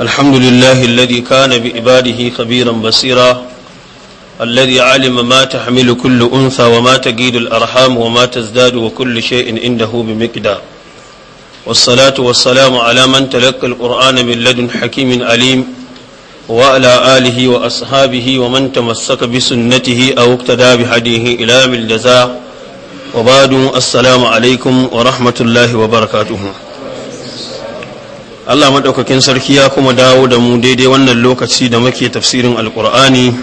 الحمد لله الذي كان بإباده خبيرا بصيرا الذي علم ما تحمل كل أنثى وما تجيد الأرحام وما تزداد وكل شيء عنده بمقدار والصلاة والسلام على من تلقى القرآن من لدن حكيم عليم وعلى آله وأصحابه ومن تمسك بسنته أو اقتدى بهديه إلى من الجزاء وبعد السلام عليكم ورحمة الله وبركاته Allah maɗaukakin sarki ya kuma dawo da mu daidai wannan lokaci da muke tafsirin alkur'ani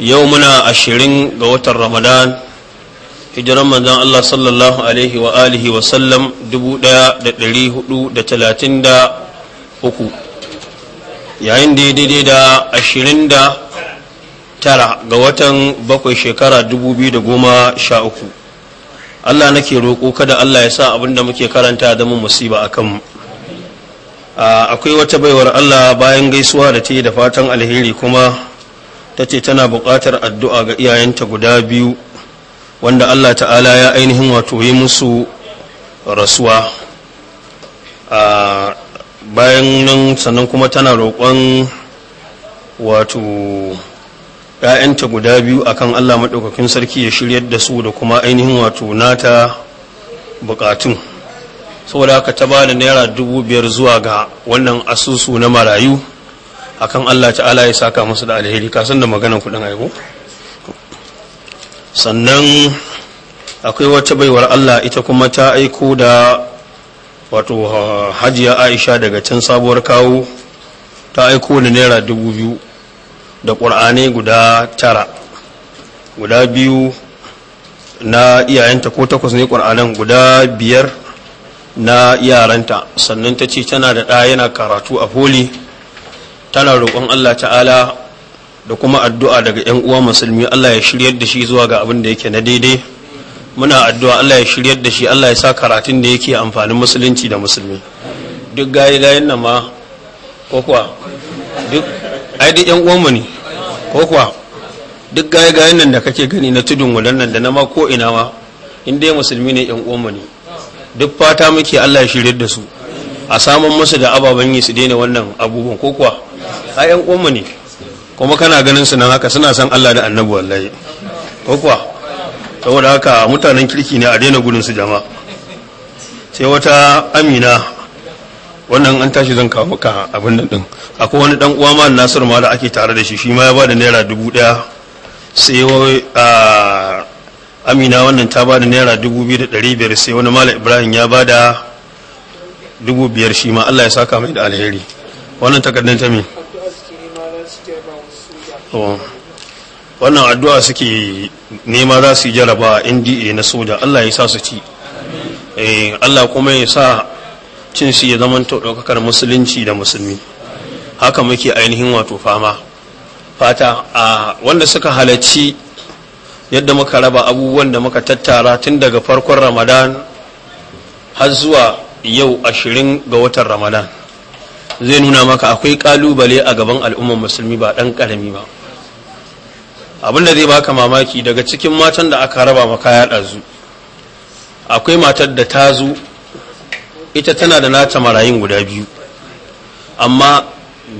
yau muna ashirin ga watan ramadan hijiran manzan Allah sallallahu alaihi wa alihi wa sallam dubu ɗaya da ɗari hudu da talatin da uku yayin da daidai da ashirin da tara ga watan bakwai shekara dubu biyu da goma sha uku Allah nake roƙo kada Allah ya sa abin da muke karanta zama musiba a kanmu akwai wata baiwar Allah bayan gaisuwa da ta yi da fatan alheri kuma ta ce tana buƙatar addu'a ga iyayenta guda biyu wanda Allah ta'ala ya ainihin wato yi musu rasuwa bayan nan sannan kuma tana roƙon wato ‘ya'yanta guda biyu a kan Allah maɗaukakin sarki ya shiryar da su da kuma ainihin wato nata buƙatun saboda haka ta ba da naira dubu biyar zuwa ga wannan asusu na marayu akan allah ta'ala ya saka musu da alheri ka san da maganan kudin aiko sannan akwai wata baiwar allah ita kuma ta aiko da wato hajiya aisha daga can sabuwar kawo ta aiko da naira dubu biyu da ƙur'anai guda tara guda biyu na iyayenta ko takwas ne ƙur'anan guda biyar na yaranta sannan ta ce tana da ɗa yana karatu a foli tana roƙon allah ta'ala da kuma addu'a daga 'yan uwa musulmi allah ya shiryar da shi zuwa ga abin da yake na daidai muna addu'a allah ya shiryar da shi allah ya sa karatun da yake amfanin musulunci da musulmi duk gayi gayen nan ma ko kuwa duk ai duk 'yan uwanmu ne ko kuwa duk gaye gayen nan da kake gani na tudun wadannan da na ma ko ina ma in dai musulmi ne 'yan uwanmu ne duk fata muke Allah ya shirye da su a samun musu da ababen yi su daina wannan abubuwan ko kuwa a yan uwanmu ne kuma kana ganin su nan haka suna san Allah da annabi wallahi ko kuwa saboda haka mutanen kirki ne a daina gudun su jama'a sai wata amina wannan an tashi zan kawo ka abin nan din akwai wani dan uwa ma Nasiru ma da ake tare da shi shi ma ya bada naira dubu daya sai ah, amina wannan ta bada naira dubu biyu da ɗari biyar sai wani malam ibrahim ya bada dubu biyar shi ma allah ya saka mai da alheri wannan takardun ta me wannan addu'a suke nema za su yi jaraba nda na soja allah ya sa su ci eh, allah kuma ya sa cin shi ya zama ɗaukakar musulunci da musulmi haka muke ainihin wato fama fata a wanda suka halarci yadda muka raba abubuwan da muka tattara tun daga farkon ramadan har zuwa yau ashirin ga watan ramadan zai nuna maka akwai kalubale a gaban al'ummar musulmi ba ɗan karami ba abin da zai baka mamaki daga cikin matan da aka raba maka ya ɗazu akwai matar da ta zo ita tana da nata marayin guda biyu amma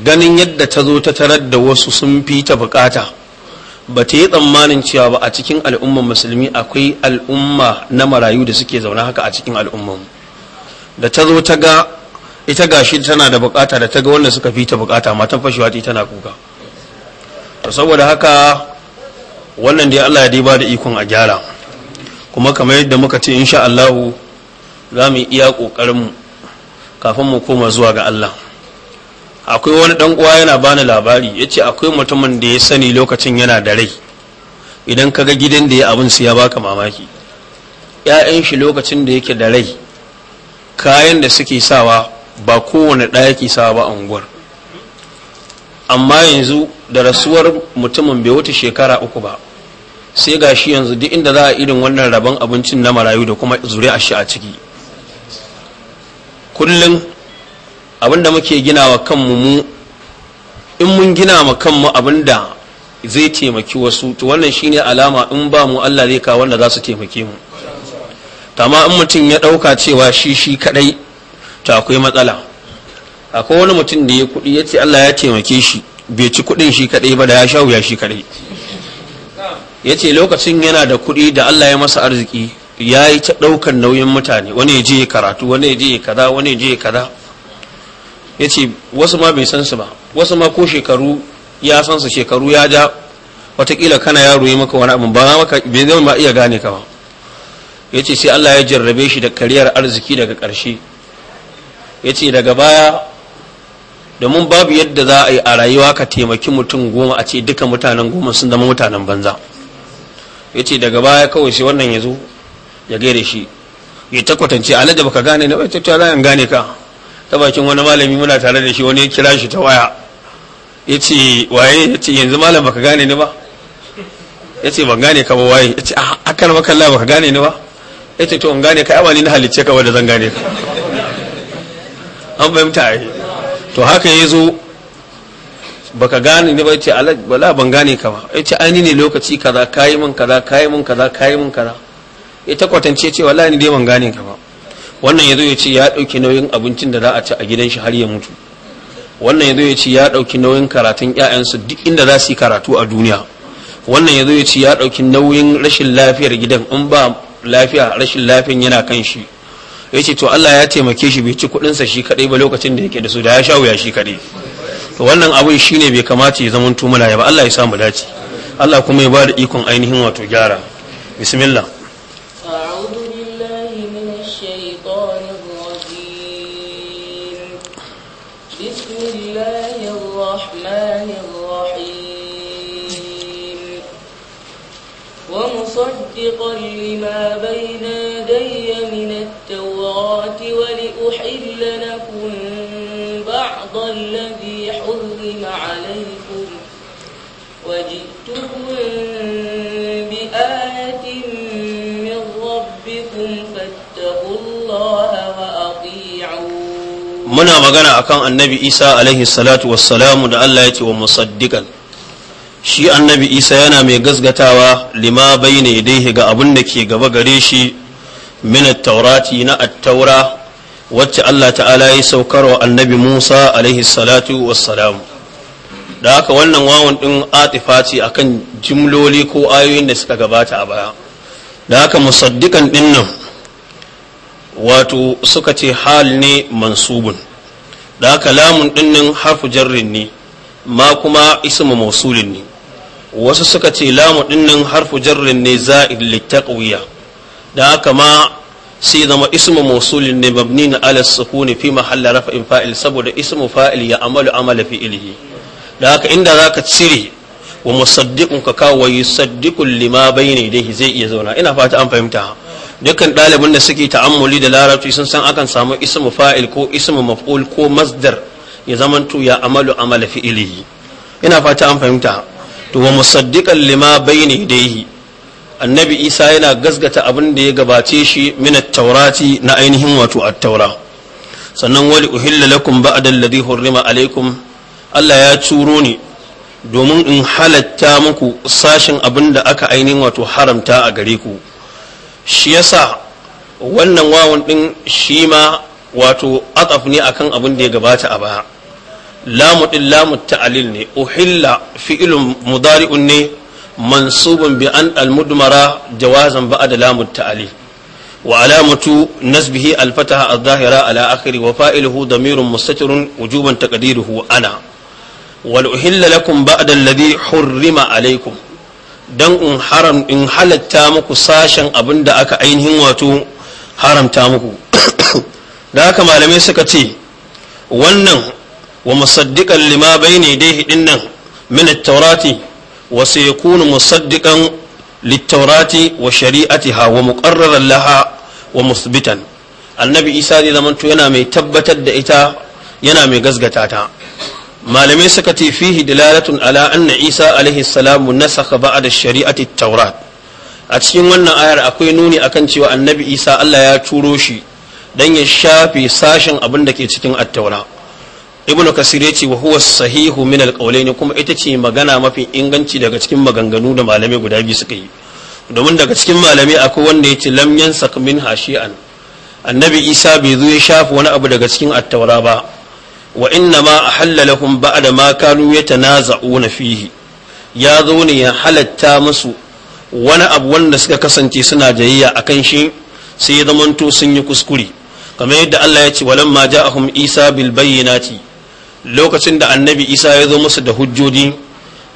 ganin yadda ta zo ta tarar da wasu sun fi ta bukata ba ta yi tsammanin cewa ba a cikin al'umman musulmi akwai al'umma na marayu da suke zaune haka a cikin al'umman da ta zo ta ga ita gashi tana da bukata da ta ga wannan suka fi ta bukata matan fashewa ta tana kuka to saboda haka wannan dai Allah ya dai ba da ikon a gyara kuma kamar yadda muka ce insha Allah za mu iya kokarin mu kafin mu koma zuwa ga Allah akwai wani dan uwa yana bani labari yace akwai mutumin da ya sani lokacin yana da rai idan kaga gidan da ya abin su ya baka mamaki ƴaƴan shi lokacin da yake da rai kayan da suke sawa ba kowane ɗaya ke sawa ba unguwar amma yanzu da rasuwar mutumin bai wuce shekara uku ba sai ga shi yanzu duk inda za a irin wannan rabon abincin na marayu da kuma zuri a shi a ciki kullum abinda muke gina wa kanmu mu in mun gina ma kanmu abinda zai taimaki wasu to wannan shine alama in ba mu Allah zai ka wanda za su taimake mu Tama in mutum ya ɗauka cewa shi shi kadai to akwai matsala akwai wani mutum da ya kuɗi ya ce Allah ya taimake shi bai ci kuɗin shi kadai ba da ya sha wuya shi kadai ya ce lokacin yana da kuɗi da Allah ya masa arziki ya yi ta ɗaukar nauyin mutane wani ya je karatu wani ya je kaza wani ya je kaza ya ce wasu ma bai san su ba wasu ma ko shekaru ya san su shekaru ya ja watakila kana yaro yi maka wani abin ba maka bai zama ma iya gane ka ba ya ce sai Allah ya jarrabe shi da kariyar arziki daga ƙarshe ya ce daga baya domin babu yadda za a yi a rayuwa ka taimaki mutum goma a ce duka mutanen goma sun zama mutanen banza ya ce daga baya kawai sai wannan ya zo ya gaire shi ya takwatance kwatance ba baka gane na wata ta gane ka ta bakin wani malami muna tare da shi wani ya kira shi ta waya ya ce waye ya ce yanzu malam baka gane ni ba ya ce ban gane ka ba waye ya ce a ah, akan makalla baka gane ni ba ya ce to in gane ka yawa ni na halicce ka wadda zan gane ka an fahimta a to haka ya zo baka gane ni ba ya ce ala ban gane ka ba ya ce aini ne lokaci kaza kayi min kaza kayi min kaza kayi min kaza ya ta kwatance ce wallahi ni dai ban gane ka ba wannan ya zo ya ce ya ɗauki nauyin abincin da za a ci a gidan shi har ya mutu wannan ya zo ya ce ya ɗauki nauyin karatun ƴaƴansu duk inda za su yi karatu a duniya wannan ya zo ya ce ya ɗauki nauyin rashin lafiyar gidan in ba lafiya rashin lafiyan yana kan shi ya ce to Allah ya taimake shi bai ci sa shi kaɗai ba lokacin da yake da su da ya sha wuya shi kaɗai to wannan abin shi ne bai kamata ya zama tumula ya ba Allah ya samu dace Allah kuma ya ba da ikon ainihin wato gyara bismillah مصدقا لما بين يدي من التوراة ولأحل لكم بعض الذي حرم عليكم وجئتكم بآية من ربكم فاتقوا الله وأطيعون منا مغانا أكان النبي إيسى عليه الصلاة والسلام دعا مصدقا shi annabi isa yana mai gasgatawa lima bayne yadayhi ga abin da ke gaba gare shi min taurati na at-taura wacce Allah ta'ala ya saukar wa annabi Musa alaihi salatu wassalam da haka wannan wawan din atifa ce akan jimloli ko ayoyin da suka gabata a baya da haka musaddikan din nan wato suka ce hal ne mansubun da haka lamun din harfu jarrin ne ma kuma ismu mausulin ne wasu suka ce lamu dinnan harfu jarrin ne za'id litaqwiya da haka ma sai zama ismu mausulin ne mabni na ala sukuni fi mahalla rafa'in fa'il saboda ismu fa'il ya amalu amala fi fi'ilihi da haka inda zaka cire wa musaddiqun ka kawo yusaddiqul lima bayna yadayhi zai iya zauna ina fata an fahimta dukkan ɗalibin da suke ta'ammuli da larabci sun san akan samu ismu fa'il ko ismu maf'ul ko masdar ya zamanto ya amalu amala fi fi'ilihi ina fata an fahimta to wa musaddiqan lima bayni dayhi annabi isa yana gasgata abin da ya gabace shi min at-taurati na ainihin wato at-taura sannan wali uhilla lakum ba'da alladhi hurrima alaikum Allah ya turo ni domin in halatta muku sashin abin da aka ainihin wato haramta a gare ku shi yasa wannan wawan din shi ma wato atsaf ne akan abin da ya gabata a baya lamu din lamu ta'alil ne uhilla fi'ilun mudari'un ne mansubun bi an almudmara jawazan ba'da lamu ta'alil wa alamatu nasbihi alfataha a zahira ala akhiri wa fa'iluhu damirun mustatirun wujuban taqdiruhu ana wal uhilla lakum ba'da alladhi hurrima alaykum dan in haram in halatta muku sashen abinda aka ainihin wato haramta muku da haka malamai suka ce wannan wa musaddiqan lima bayna yadayhi dinnan min at-taurati wa sayakunu musaddiqan lit-taurati wa shari'atiha wa muqarraran laha wa musbitan annabi isa zai zamanto yana mai tabbatar da ita yana mai gasgata ta malamai suka ce fihi dalalatun ala anna isa alaihi salamu nasakha da shari'ati taurat a cikin wannan ayar akwai nuni akan cewa annabi isa Allah ya turo shi dan ya shafi sashen abin da ke cikin attaura ibnu kasir ya ce wa huwa sahihu min alqawlaini kuma ita ce magana mafi inganci daga cikin maganganu da malamai guda biyu suka yi domin daga cikin malamai akwai wanda ya ce lam yansak min hashi'an annabi isa bai zo ya shafi wani abu daga cikin attaura ba wa inna ma ahalla lahum ba'da ma kanu yatanaza'una fihi ya zo ne ya halatta musu wani abu wanda suka kasance suna jayayya akan shi sai ya zamanto sun yi kuskure kamar yadda Allah ya ce walamma ja'ahum isa bil bayyinati lokacin da annabi isa ya zo musu da hujjoji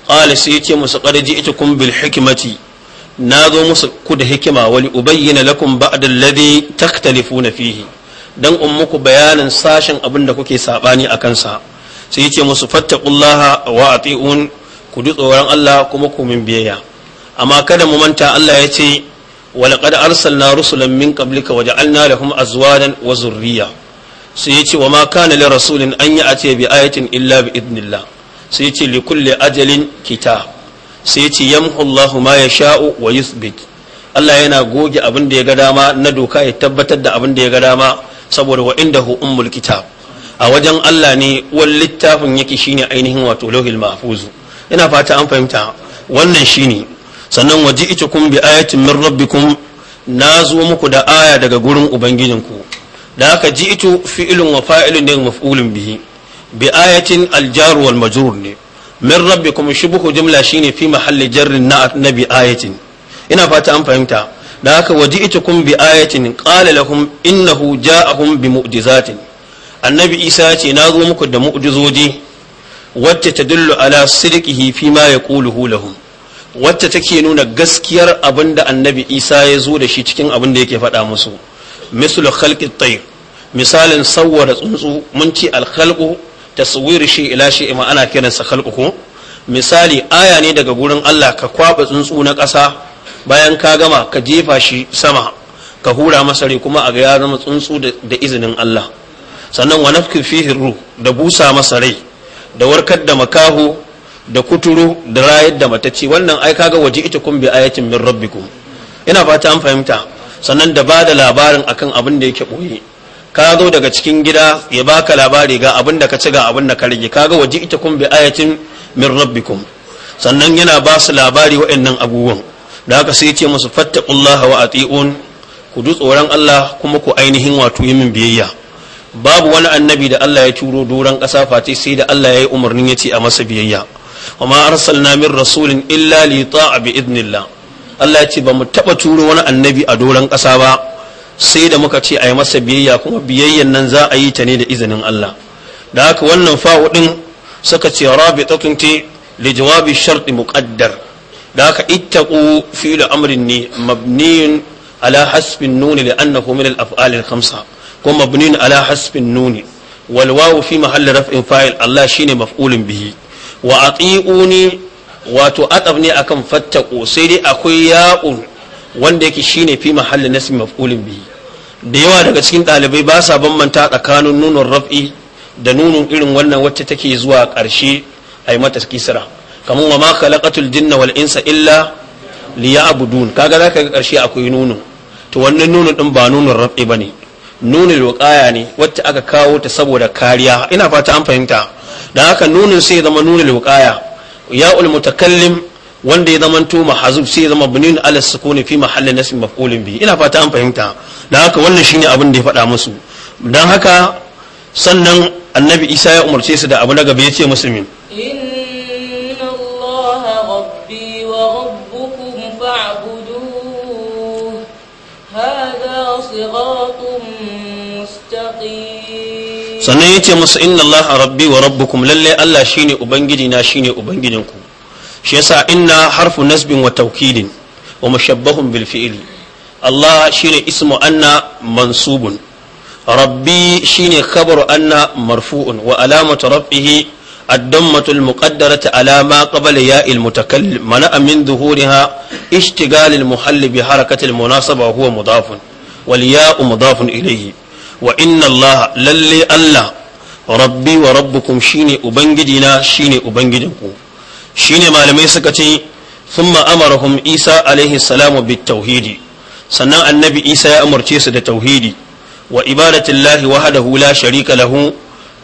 ƙala sai ya ce musu ƙarji ita kun bil hikimati na zo musu ku da hikima wali ubayyana lakum ba'da alladhi taktalifuna fihi dan in muku bayanin sashen abin da kuke sabani a kansa sai yace musu fattaqullaha wa ati'un ku ji tsoron Allah kuma ku min biyayya amma kada mu manta Allah ya ce wa arsalna rusulan min qablika wa ja'alna lahum azwajan wa zurriyya sai ce wa ma kana li rasulin an ace bi ayatin illa bi idnillah sai ce li kulli ajalin kitab sai yace yamhu Allahu ma yasha'u wa yuthbit Allah yana goge abin da ya ga dama na doka ya tabbatar da abin da ya ga dama saboda wa indahu ummul kitab a wajen Allah ne wal littafin yake shine ainihin wato lohil mahfuz ina fata an fahimta wannan shine sannan waji'tukum bi ayatin min rabbikum na zo muku da aya daga gurin ubangijinku da haka ji'tu fi'lun wa fa'ilun ne maf'ulun bihi bi ayatin al wal majrur ne min kuma shubhu jumla shine fi mahalli jarrin na bi ayatin ina fata an fahimta da haka waji'tukum bi ayatin qala lahum innahu ja'ahum bi mu'jizatin annabi isa ce na zo muku da mu'jizoji wacce ta dullu ala sidqihi fi ma yaquluhu lahum wacce take nuna gaskiyar abinda annabi isa ya zo da shi cikin abin da yake faɗa musu mislu khalqi misalin sawwara tsuntsu mun ce al-khalqu taswir shi ila shi ma ana kiransa khalqu ko misali aya ne daga gurin Allah ka kwaba tsuntsu na ƙasa bayan ka gama ka jefa shi sama ka hura masa kuma a ga ya zama tsuntsu da izinin Allah sannan wa nafkin fihi ruh da busa masa rai da warkar da makaho da kuturu da rayar da matacci wannan ai kaga waje ita kun bi ayatin min rabbikum ina fata an fahimta sannan da ba da labarin akan abin da yake ɓoye ka zo daga cikin gida ya baka labari ga abin da ka ci ga abin da ka rage kaga waje ita kun bi ayatin min rabbikum sannan yana ba su labari waɗannan abubuwan da aka sai ce musu fattaqullaha wa ati'un ku ji tsoron Allah kuma ku ainihin wato yi min biyayya babu wani annabi da Allah ya turo doron ƙasa face sai da Allah ya yi umarnin ya ce a masa biyayya wa ma arsalna min rasulin illa li ta'a bi idnillah Allah ya ce ba mu taɓa turo wani annabi a doron ƙasa ba sai da muka ce a yi masa biyayya kuma biyayyan nan za a yi ta ne da izinin Allah da haka wannan fa'u ɗin suka ce rabitatun te li jawabi sharɗi muƙaddar da haka ittaqu fi'lu amrin ne mabniyun ala hasbin nuni da annahu min al-af'al al-khamsa ko mabniyun ala hasbin nuni wal wawu fi mahalli raf'in fa'il Allah shine maf'ulun bihi wa ati'uni wato atab ne akan fattaƙo sai dai akwai ya'un wanda yake shine fi mahallin nasbi maf'ulin bihi da yawa daga cikin ɗalibai ba sa bambanta tsakanin nunun raf'i da nunun irin wannan wacce take zuwa ƙarshe ai mata kisra kamar wa ma khalaqatul jinna wal insa illa liya'budun kaga zaka ga ƙarshe akwai nunun to wannan nunun din ba nunun raf'i bane nunul wiqaya ne wacce aka kawo ta saboda kariya ina fata an fahimta dan haka nunun sai zama nunul wiqaya ulmuta kallin wanda ya zamanto mahazub sai ya zama bunin ala sukuni fi mahallin nasb maf'ulin bi ina fata an fahimta dan haka wannan shine abin da ya faɗa musu dan haka sannan annabi isa ya umarce su da abu na gaba ya ce musulmin sannan ya ce musu inna rabbi wa rabbukum lalle Allah shi ne Ubangiji na shi ne Ubangijinku shi yasa inna harfu nasbin wa taukilin wa mushabbahun bil fi'ili Allah shi ne ismu anna mansubun rabbi shi ne khabaru anna marfu'un wa alamatu rabbihi addammatul muqaddarati ala ma qabala ya il mutakallim mana min dhuhuriha ishtigal al muhalli bi harakati al munasaba huwa mudafun wal ya mudafun ilayhi wa inna Allah lalle Allah rabbi wa rabbukum shine ubangiji na shine ubangijinku shine malamai suka ce thumma amarahum Isa alaihi salamu bit sannan annabi Isa ya umarce su da tauhidi wa ibadatillahi wahdahu la sharika lahu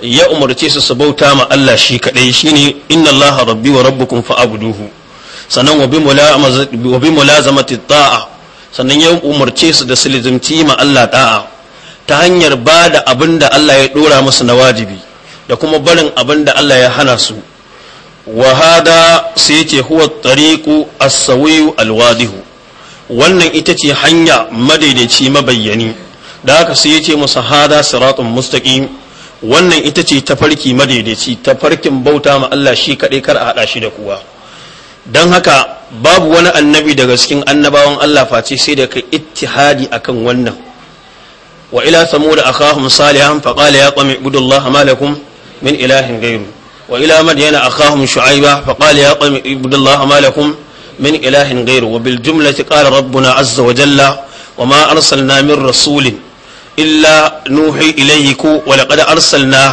ya umarce su su bauta ma Allah shi kadai shine inna Allah rabbi wa rabbukum fa'buduhu sannan wa bi mulazamati ta'a sannan ya umarce su da su ma Allah ta'a ta hanyar ba da abin da Allah ya ɗora musu na wajibi da kuma barin abin da Allah ya hana su wa hada sai ce huwa tariqu as-sawiyu al-wadihu wannan ita ce hanya madaidaici mabayyani da haka sai yake ce musu hada siratun mustaqim wannan ita ce tafarki madaidaici tafarkin bauta ma Allah shi kaɗai kar a haɗa shi da kuwa don haka babu wani annabi daga cikin annabawan Allah face sai da kai ittihadi akan wannan wa ila samud akhahum salihan fa qala ya qawmi ibudullaha ma lakum min ilahin ghayru wa ila madyana akhahum shu'aiba fa qala ya qawmi ibudullaha ma lakum من إله غيره وبالجملة قال ربنا عز وجل وما أرسلنا من رسول إلا نوحي إليك ولقد أرسلنا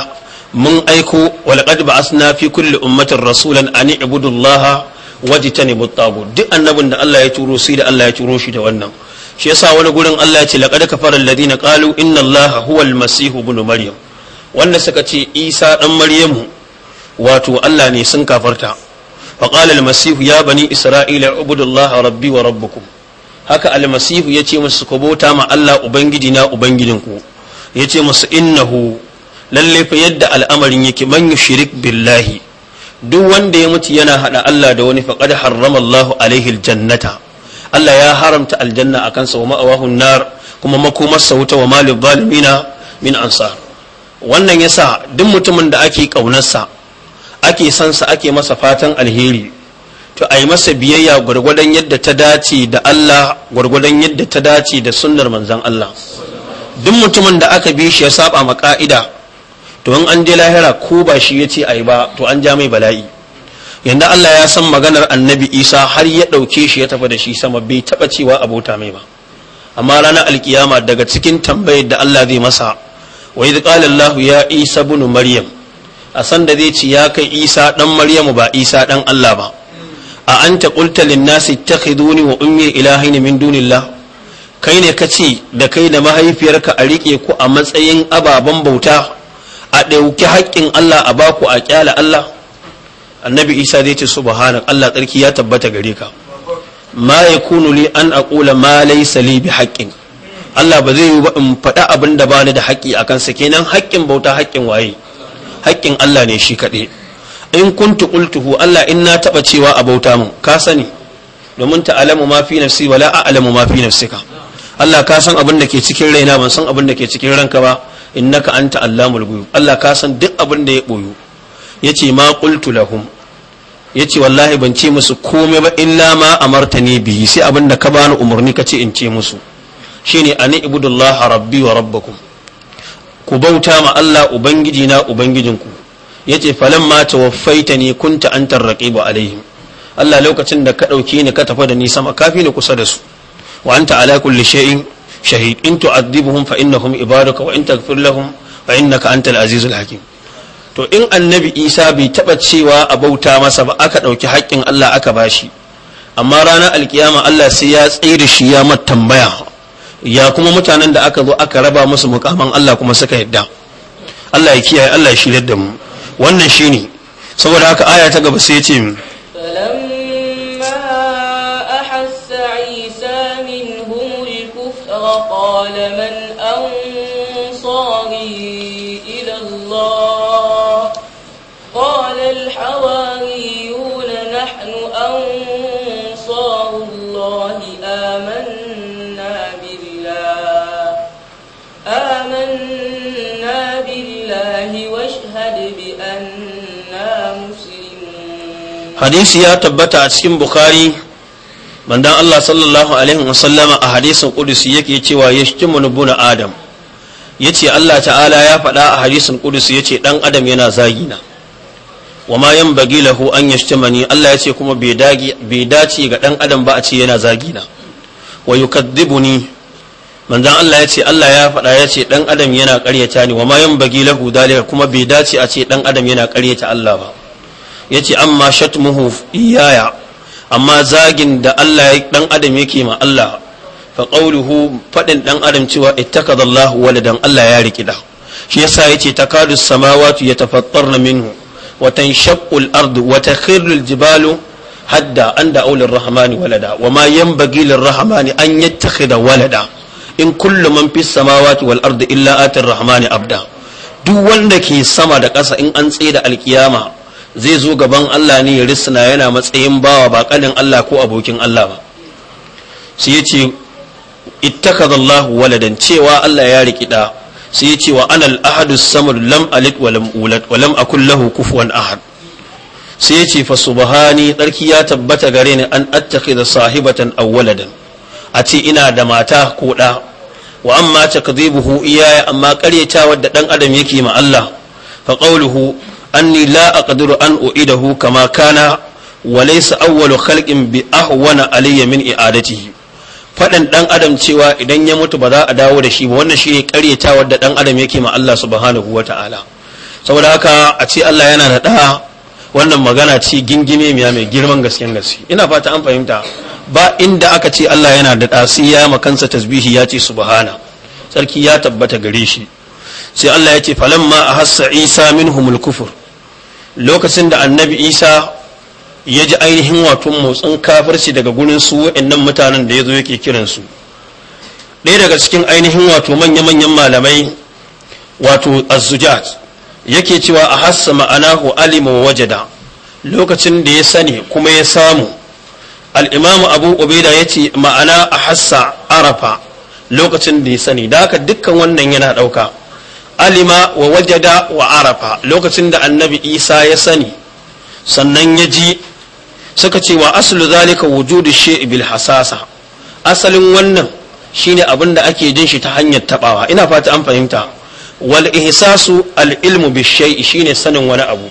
من أيكو ولقد بعثنا في كل أمة رسولا أن اعبدوا الله واجتنبوا الطاغوت دي النبي الله يتورو سيد الله يتورو شي wannan shi yasa wani gurin Allah ya ce laqad kafara alladhina qalu inna allaha huwa almasihu ibn maryam wanda suka ce isa dan maryamu wato Allah ne sun kafarta fa qala almasihu ya bani isra'ila ubudullaha rabbi wa rabbukum haka almasihu ya ce musu ku bauta ma Allah ubangiji na ubangijinku ya ce musu innahu lalle fa yadda al'amarin yake man yushrik billahi duk wanda ya mutu yana hada Allah da wani faqad harrama Allahu alaihi aljannata Allah ya haramta aljanna a kansa wa ma'awahun nar kuma makomarsa wuta wa malib zalimina min ansa wannan yasa duk mutumin da ake ƙaunarsa ake sansa ake masa fatan alheri to a masa biyayya gwargwadon yadda ta dace da Allah gwargwadon yadda ta dace da sunnar manzon Allah duk mutumin da aka bi shi ya saba ma ka'ida to in an je lahira ko ba shi yace ayi ba to an ja mai bala'i yanda Allah ya san maganar annabi Isa har ya ɗauke shi ya tafi da shi sama bai taɓa cewa abota mai ba amma ranar alkiyama daga cikin tambayar da Allah zai masa wa idh qala Allah ya Isa bunu Maryam a san da zai ci ya kai Isa dan Maryamu ba Isa dan Allah ba a anta qulta lin nasi ittakhiduni wa ummi ilahin min dunillah kai ne ka ce da kai da mahaifiyarka a riƙe ku a matsayin ababen bauta a ɗauki haƙƙin Allah a baku a ƙyala Allah annabi isa zai ce subhanak allah tsarki ya tabbata gare ka ma yakunu li an aqula ma laysa li bi haqqin allah ba zai yi ba in faɗa abin da bani da haƙƙi akan sa kenan haƙƙin bauta haƙƙin waye haƙƙin allah ne shi kaɗai in kuntu qultuhu allah in na taɓa cewa a bauta mun ka sani domin ta'alamu ma fi nafsi wala a'lamu ma fi nafsika allah ka san abin da ke cikin raina ban san abin da ke cikin ranka ba innaka anta allamul ghuyub allah ka san duk abin da ya boyo yace ma qultu lahum ya ce wallahi ban ce musu komai ba illa ma amarta ne bihi sai abin da ka bani umarni ka ce in ce musu shine ani ibudullah rabbi wa rabbakum ku bauta ma Allah ubangiji na ubangijinku yace falamma tawaffaitani kunta antar a alaihim Allah lokacin da ka ɗauki ni ka tafi da ni sama kafi ni kusa da su wa anta ala kulli shay'in shahid in tu'adhibuhum fa innahum ibaduka wa in taghfir lahum fa innaka antal azizul hakim to in annabi isa bai taɓa cewa a bauta masa ba aka ɗauki haƙƙin allah aka ba shi amma ranar alkiyama allah sai ya tsere shi ya mat ya kuma mutanen da aka zo aka raba musu mukaman allah kuma suka yadda allah ya kiyaye allah ya shirya da mu wannan shi ne. saboda haka aya ta gaba sai ya ce hadisi ya tabbata a cikin bukhari mandan Allah sallallahu alaihi wa wasallama a hadisin kudusi yake cewa ya shi nubuna adam ya ce Allah ta'ala ya faɗa a hadisin kudusi ya ce ɗan adam yana zagina wa ma yan bagi lahu an ya shi Allah ya ce kuma bai dace ga ɗan adam ba a ce yana zagina wa ni? manzan Allah ya ce Allah ya faɗa ya ce ɗan adam yana ƙaryata ni wa ma yan bagi lahu dalika kuma bai dace a ce ɗan adam yana ƙaryata Allah ba yace amma shatmuhu iyaya amma zagin da Allah ya dan adam yake ma Allah fa qawluhu fadin dan adam cewa ittakadallahu waladan Allah ya riki da shi yasa yace takadu samawati yatafattarna minhu wa tanshaqqu al-ardu wa takhirru al-jibalu hadda an da rahmani walada wa ma yan bagilin rahmani an yattakhida walada in kullu man fi samawati wal ardi illa atir rahmani abda duk wanda ke sama da ƙasa in an tsaye da alkiyama zai zo gaban Allah ne ya risna yana matsayin bawa ba kanin Allah ko abokin Allah ba sai ya ce ittakhadallahu waladan cewa Allah ya riki da sai ya ce wa anal ahadus samad lam alid wa lam ulad wa lam akul lahu kufuwan ahad sai ya ce fa subhani tsarki ya tabbata gare ni an attakhidha sahibatan aw waladan a ce ina da mata ko da wa amma takdhibuhu iyaya amma karyatawar da dan adam yake ma Allah fa qawluhu anni la aqdiru an u'idahu kama kana wa laysa awwalu khalqin bi ahwana alayya min i'adatihi faɗin ɗan adam cewa idan ya mutu ba za a dawo da shi ba wannan shi ne ƙaryatawar da ɗan adam yake ma Allah subhanahu wa ta'ala saboda haka a ce Allah yana da ɗaya wannan magana ce gingime miya mai girman gasken gaske ina fata an fahimta ba inda aka ce Allah yana da ɗa sai ya makansa tasbihi ya ce subhana sarki ya tabbata gare shi sai Allah ya ce falamma ahassa isa minhumul kufur lokacin da annabi isa ya ji ainihin wato motsin kafirci daga gurin su waɗannan mutanen da ya zo yake kiransu ɗaya daga cikin ainihin wato manya-manyan malamai wato azzujat yake cewa a hassa ma'anahu alima wajada lokacin da ya sani kuma ya samu al'imamu abu ubaida ya ce ma'ana a hassa arafa lokacin da ya sani da haka dukkan wannan yana ɗauka alima wa wajada wa arafa lokacin da annabi isa ya sani sannan ya ji suka ce wa aslu zalika wujudu shi bil hasasa asalin wannan shine abin da ake jin shi ta hanyar tabawa ina fata an fahimta wal ihsasu al ilmu bi shay'i shine sanin wani abu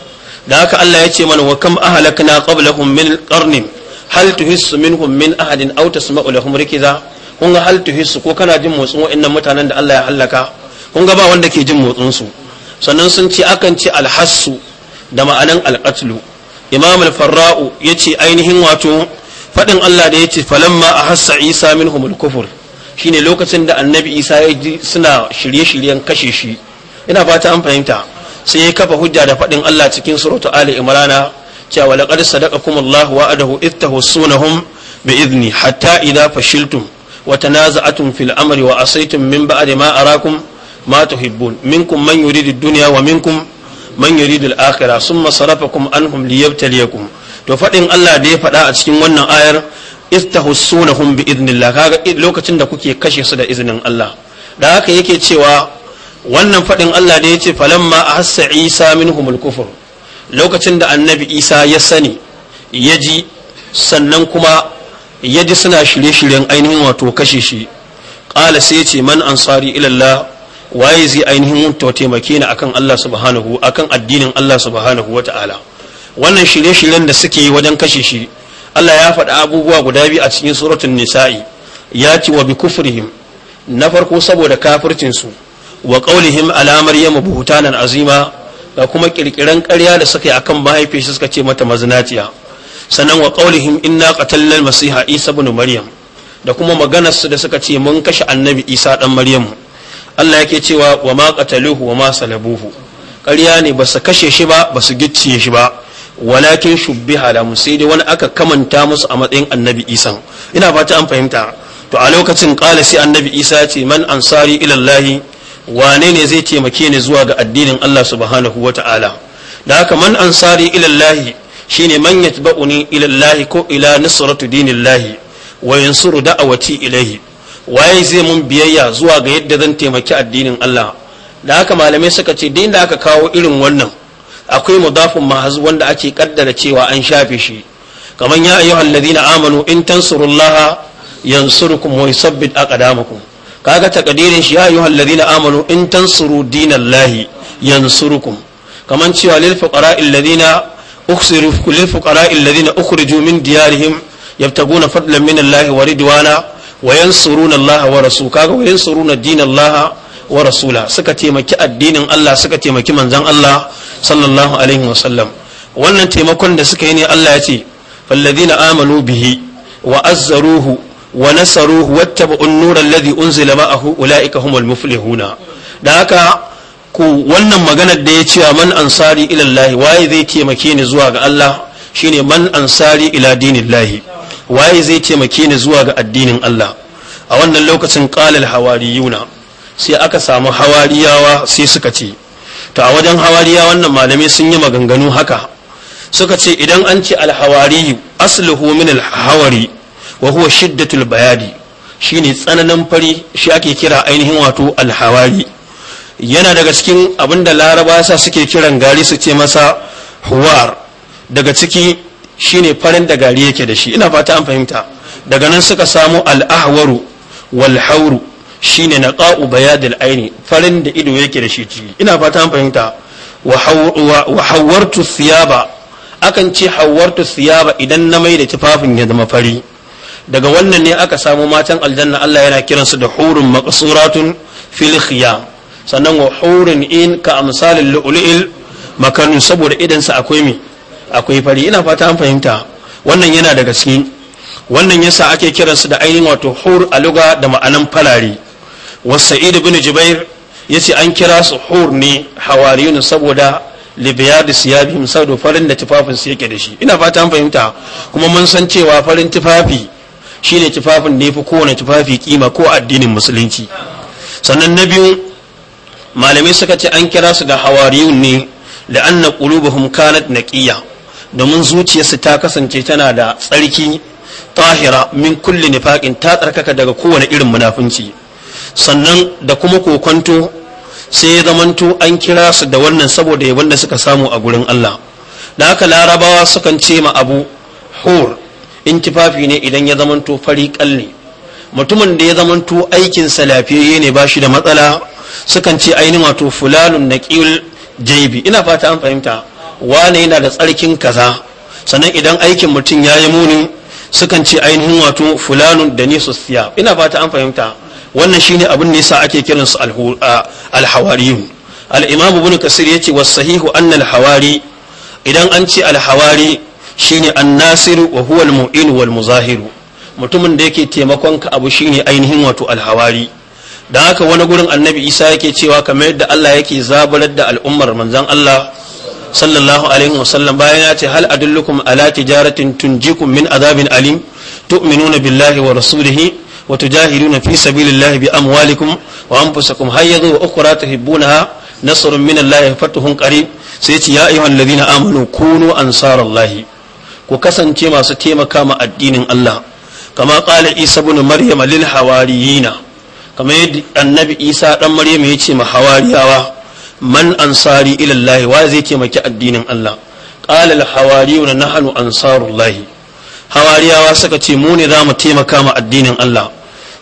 da haka Allah ya ce mana wa kam ahlakna qablahum min qarnin hal tuhissu minhum min ahadin aw tasma'u lahum rikiza kun hal tuhissu ko kana jin motsin wa'annan mutanen da Allah ya halaka kun ga ba wanda ke jin motsin su sannan sun ce akan ce alhassu da ma'anan alqatlu imam al-farra'u ce ainihin wato fadin Allah da ya yace falamma ahassa isa minhum al kufur shine lokacin da annabi isa ya ji suna shirye-shiryen kashe shi ina fata an fahimta sai ya kafa hujja da fadin Allah cikin suratu ali imrana cewa laqad sadaqakum Allah wa'adahu ittahassunahum bi'izni hatta idza fashiltum wa tanaza'atum fil amri wa asaytum min ba'di ma arakum ma tuhibbun minkum man يريد الدنيا wa minkum man yuridu ثم صرفكم summa ليبتليكم to fadin Allah da ya faɗa a cikin wannan ayar istahussunahum bi idnillah kaga lokacin da kuke kashe su da iznin Allah da haka yake cewa wannan fadin Allah da yace falamma ahassa Isa minhumul kufur lokacin da annabi Isa ya sani ya ji sannan kuma yaji suna shirye-shiryen ainihin wato kashe shi qala sai yace man ansari ila Allah waye zai ainihin to taimake ni akan Allah subhanahu akan addinin Allah subhanahu wa ta'ala wannan shirye-shiryen da suke yi wajen kashe shi Allah ya faɗa abubuwa guda biyu a cikin suratul nisa'i ya ce wa bi kufrihim na farko saboda kafircin su wa qaulihim ala maryama buhtanan azima da kuma kirkiran ƙarya da suka yi akan mahaifiyarsa suka ce mata mazinaciya sannan wa qaulihim inna qatalna al-masiha isa ibn maryam da kuma maganar su da suka ce mun kashe annabi isa dan maryam. Allah yake cewa wa ma qataluhu wa ma salabuhu ƙarya ne ba su kashe shi ba ba su gicciye shi ba walakin shubbiha da sai dai wani aka kamanta musu a matsayin annabi isa ina fata an fahimta to a lokacin kala sai annabi isa ya ce man ansari ilallahi wane ne zai taimake ni zuwa ga addinin allah subhanahu wa ta'ala da haka man ansari ilallahi shine man yatba'uni ilallahi ko ila nusratu dinillahi wa yansuru da'awati ilaihi waye zai mun biyayya zuwa ga yadda zan taimaki addinin Allah da haka malamai suka ce duk da aka kawo irin wannan akwai mudafin mahaz wanda ake kaddara cewa an shafe shi kamar ya ayyuhal ladina amanu in tansurullaha yansurukum wa yusabbit aqdamakum kaga takadirin shi ya ayyuhal ladina amanu in tansuru dinallahi yansurukum kaman cewa lil fuqara alladina ukhsiru lil fuqara alladina ukhriju min diyarihim yabtaguna fadlan min Allah wa ridwana wa yansuruna Allah wa rasul kaga wa yansuruna dinallaha wa rasula suka taimaki addinin Allah suka taimaki manzon Allah sallallahu alaihi wasallam wannan taimakon da suka yi ne Allah ya ce falladhina amanu bihi wa azzaruhu wa nasaruhu wattaba'un nura alladhi unzila ma'ahu ulaika humul muflihuna da haka ku wannan maganar da ya ce man ansari ila Allah waye zai taimake ni zuwa ga Allah shine man ansari ila dinillahi waye zai taimake ni zuwa ga addinin Allah a wannan lokacin qalal hawariyuna sai aka samu hawariyawa sai suka ce to a wajen hawariya wannan malamai sun yi maganganu haka suka ce idan an ce alhawariyu asluhu min hawari wa huwa shiddatul bayadi shine tsananin fari shi ake kira ainihin wato alhawari yana daga cikin abinda laraba suke kiran gari su ce masa huwar daga ciki ne farin da gari yake da shi ina fata an fahimta daga nan suka samu al'ahwaru wal hauru shine naqa'u bayadil aini farin da ido yake da shi ina fata an fahimta wa siyaba akan ce hawwartu siyaba idan na mai da tufafin ya zama fari daga wannan ne aka samu matan aljanna Allah yana kiran su da hurun maqsuratun fil khiyam sannan wa hurun in ka amsalil lu'lu'il makanun saboda idan sa akwai mai. akwai fari ina fata an fahimta wannan yana daga cikin wannan yasa ake kiransu da ainihin wato hur a luga da ma'anan farare wasa'id bin ya yace an kira su hur ne hawariyun saboda da siyabihim saboda farin da tufafin su yake da shi ina fata an fahimta kuma mun san cewa farin tufafi shine tufafin da fi kowane tufafi kima ko addinin musulunci sannan na biyu malamai suka ce an kira su da hawariyun ne da anna qulubuhum kanat naqiya domin zuciyarsu ta kasance tana da tsarki tahira min kulli nifaqin ta tsarkaka daga kowane irin munafunci sannan da kuma kokonto sai ya zamanto an kira su da wannan saboda yabon da suka samu a gurin Allah da haka larabawa sukan ce ma abu hur in tufafi ne idan ya zamanto fari ne. mutumin da ya zamanto aikin salafiyayye ne ba shi da matsala sukan ce ainihin wato Fulalun naqil jaybi ina fata an fahimta wane yana da tsarkin kaza sannan idan aikin mutum ya yi muni sukan ce ainihin wato fulanun da ni siya ina fata an fahimta wannan shine abin da yasa ake kiran su alhawariyu al-imam ibn kasir yace was sahihu anna al-hawari idan an ce al-hawari shine an-nasir wa huwa al-mu'in wal muzahir mutumin da yake taimakon ka abu shine ainihin wato al-hawari dan haka wani gurin annabi isa yake cewa kamar yadda Allah yake zabarar da al'ummar manzon Allah sallallahu alaihi wasallam bayan ya ce hal adullukum ala tijaratin tunjikum min azabin alim tu'minuna billahi wa rasulihi wa tujahiduna fi sabilillahi bi amwalikum wa anfusakum hayyazu wa ukhra tuhibbunaha nasrun min allahi fatuhun qarib sai ce ya ayyuhal ladina amanu kunu ansarallahi ku kasance masu taimaka ma addinin Allah kama qala isa ibn maryam lil hawariyina kamar yadda annabi isa dan maryam ya ce ma hawariyawa man ansari ilallahi Allah wa zai taimaki addinin Allah qala al-hawariyuna nahnu ansarullahi hawariyawa suka ce mu ne zamu taimaka ma addinin Allah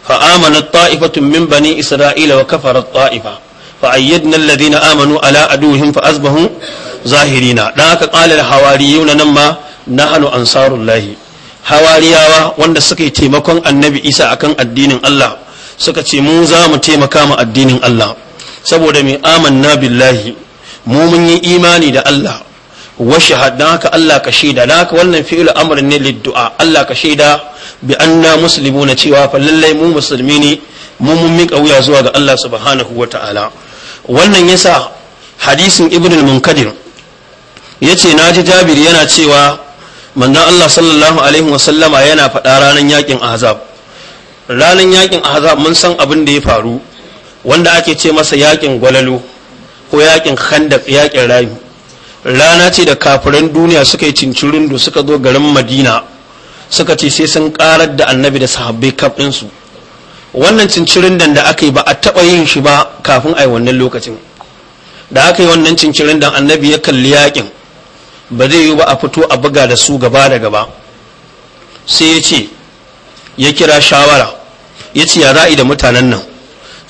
fa amana ta'ifatun min bani isra'ila wa kafara ta'ifa fa ayyadna na amanu ala aduhim fa azbahu zahirina dan haka qala al nan ma nahnu ansarullahi hawariyawa wanda suka yi taimakon annabi isa akan addinin Allah suka ce mu za taimaka ma addinin Allah saboda mai na billahi mu mun yi imani da Allah wa shahada haka Allah ka shaida da haka wannan fi'il amrin ne liddu'a Allah ka shaida bi anna muslimuna cewa fa lallai mu musulmi ne mu mun mika wuya zuwa ga Allah subhanahu wa ta'ala wannan yasa hadisin ibn al-munkadir yace ji Jabir yana cewa manzon Allah sallallahu alaihi wa sallama yana faɗa ranar yakin a'zab ranar yakin a'zab mun san abin da ya faru wanda ake ce masa yakin gwalalo ko yakin khandak yakin rami rana ce da kafiran duniya suka yi cincirin da suka zo garin madina suka ce sai sun karar da annabi da sahabbai kafinsu wannan cincirin da aka yi ba a taba yin shi ba kafin a yi wannan lokacin da aka yi wannan cincirin da annabi ya kalli yakin ba zai yi ba a fito a buga da su gaba da gaba sai ya ce ya kira shawara ya ce ya yi da mutanen nan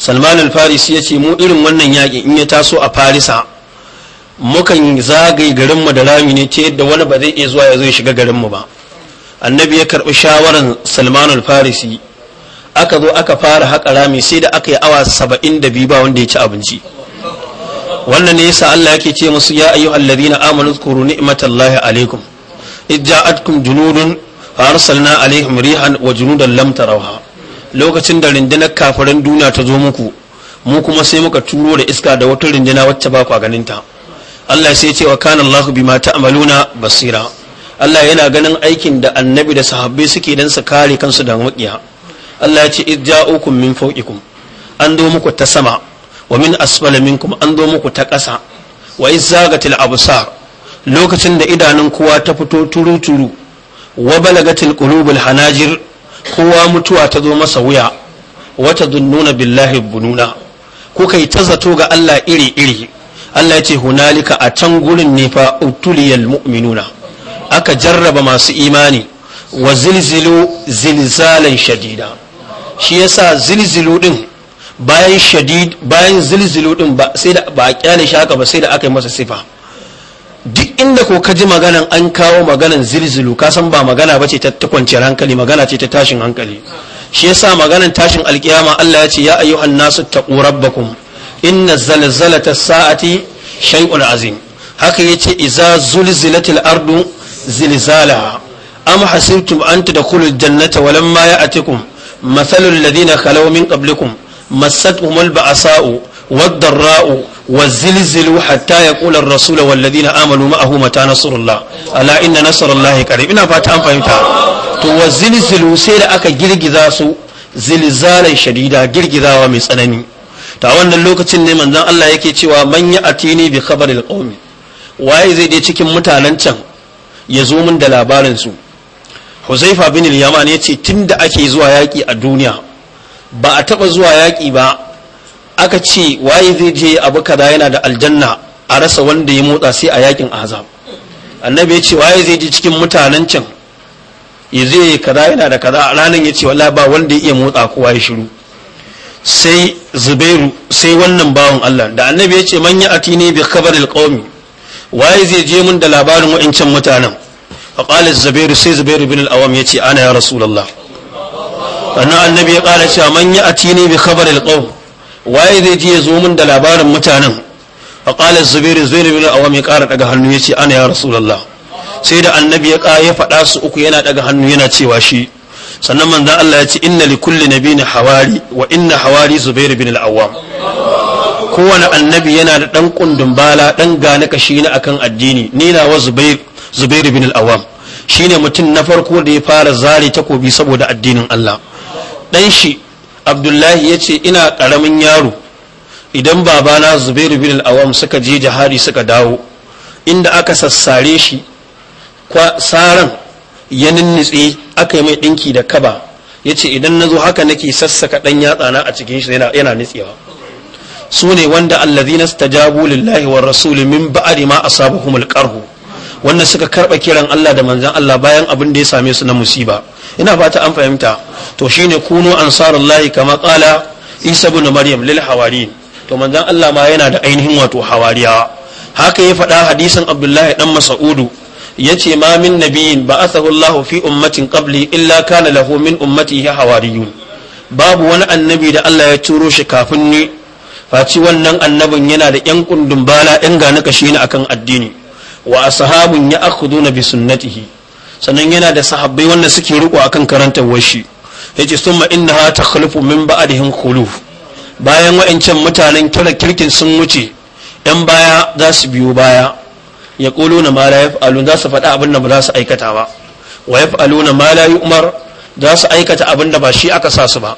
salman al-farisi ya ce mu irin wannan yaƙi in ya taso a farisa mukan zagaye garinmu da rami ne ta yadda wani ba zai iya zuwa ya zo ya shiga garinmu ba annabi ya karɓi shawarar salman al-farisi aka zo aka fara haƙa rami sai da aka yi awa saba'in da biyu ba wanda ya ci abinci wannan ne yasa Allah yake ce musu ya ayyuhal ladina amanu zkuru ni'matallahi alaikum id junudun fa arsalna alaihim rihan wa junudan lam tarawha lokacin da rundunar kafirin duniya ta zo muku mu kuma sai muka turo da iska da wata runduna wacce ba a ganin ta Allah sai ce wa kana Allah ma ta'maluna basira Allah yana ganin aikin da annabi da sahabbai suke dan su kare kansu da makiya Allah ya ce idja'ukum min fawqikum an zo muku ta sama wa min asfala minkum an zo muku ta ƙasa wa izagatil absar lokacin da idanun kowa ta fito turu turu wa balagatil qulubul hanajir kowa mutuwa ta zo masa wuya wata dunnuna billahi bununa kuka yi ta zato ga Allah iri iri Allah ya ce hunalika a can gurin ne fa utuliyal mu'minuna aka jarraba masu imani wa zilzilu zilzalan shadida shi yasa zilzilu din bayan shadid bayan zilzilu din ba sai da ba kyale ba sai da aka yi masa sifa duk inda ko ka ji maganan an kawo maganan zilzilu ka san ba magana ce ta kwanciyar hankali magana ce ta tashin hankali shi yasa maganan tashin alkiyama Allah ya ce ya ayu nasu taqu rabbakum inna zalzalata sa'ati shay'un azim haka yace iza zulzilatil ardu zilzalaha am hasibtum an tadkhulul jannata walamma ya'atikum mathalul ladina khalaw min qablikum massatuhumul ba'sa'u wad-dharra'u وزلزلوا حتى يقول الرسول والذين آمنوا معه متى نصر الله ألا إن نصر الله قريب إنا فاتحان فهمتا وزلزلوا سيدا أكا جرجزا سو زلزالا شديدا جرجزا ومسألني تاوانا اللوكة نمان ذا الله يكي تيوا من يأتيني بخبر القوم waye zai dai cikin mutanen can ya zo min da labarinsu huzaifa bin al-yaman ya ce tun da ake zuwa yaƙi a duniya ba a taɓa zuwa yaƙi ba aka ce waye zai je abu kaza yana da aljanna a rasa wanda ya motsa sai a yakin azab annabi ya ce waye zai je cikin mutanen can ya zai kaza yana da kaza a ranar ya ce wala ba wanda ya iya motsa kowa ya shiru sai zubairu sai wannan bawan Allah da annabi ya ce manya a tini bi khabaril qaumi waye zai je mun da labarin wa'ancan mutanen fa qala zubairu sai zubairu bin al-awam ya ce ana ya Rasulallah annabi ya kara cewa man ya atini bi khabaril qaumi waye zai je ya zo min da labarin mutanen faƙalar zubairu zai bin awam ya ƙara daga hannu ya ce ana ya rasulallah sai da annabi ya ƙara ya faɗa su uku yana daga hannu yana cewa shi sannan manzan Allah ya ce inna li kulli na hawari wa inna hawari zubairu bin al-awwam kowane annabi yana da ɗan kundin bala dan gane kashi na akan addini ni na wa zubair zubair bin al-awam shine mutum na farko da ya fara zare takobi saboda addinin Allah dan shi abdullahi ya ce ina ƙaramin yaro idan babana zubairu bin awam suka je jihadi suka dawo inda aka sassare shi saran ya ninnitse aka yi mai ɗinki da kaba ya ce idan na zo haka nake sassaka ɗan yatsana a cikin shi yana nitsewa su ne wanda allazina stajabu lillahi wa rasuli min ba'di ma asabahum alqarhu wannan suka karɓa kiran Allah da manzan Allah bayan abin da ya same su na musiba ina fata an fahimta to shine kunu ansarullahi kama kala Isa ibn Maryam lil hawari to manzan Allah ma yana da ainihin wato hawariya haka ya faɗa hadisin Abdullahi dan Mas'udu yace ma min nabiyin ba'athahu Allah fi ummatin qabli illa kana lahu min ummatihi hawariyun babu wani annabi da Allah ya turo shi kafin ni faci wannan annabin yana da yan kundumbala yan gane kashi ni akan addini wa ashabun ya akhuduna bi sunnatihi sannan yana da sahabbai wanda suke riko akan karanta washi yace summa innaha takhlufu min ba'dihim khuluf bayan wa'ancan mutanen kira kirkin sun wuce yan baya za su biyo baya ya na ma la yaf'alun za su faɗa abin da ba za su aikata ba wa yaf'aluna ma la yu'mar za su aikata abin da ba shi aka sa su ba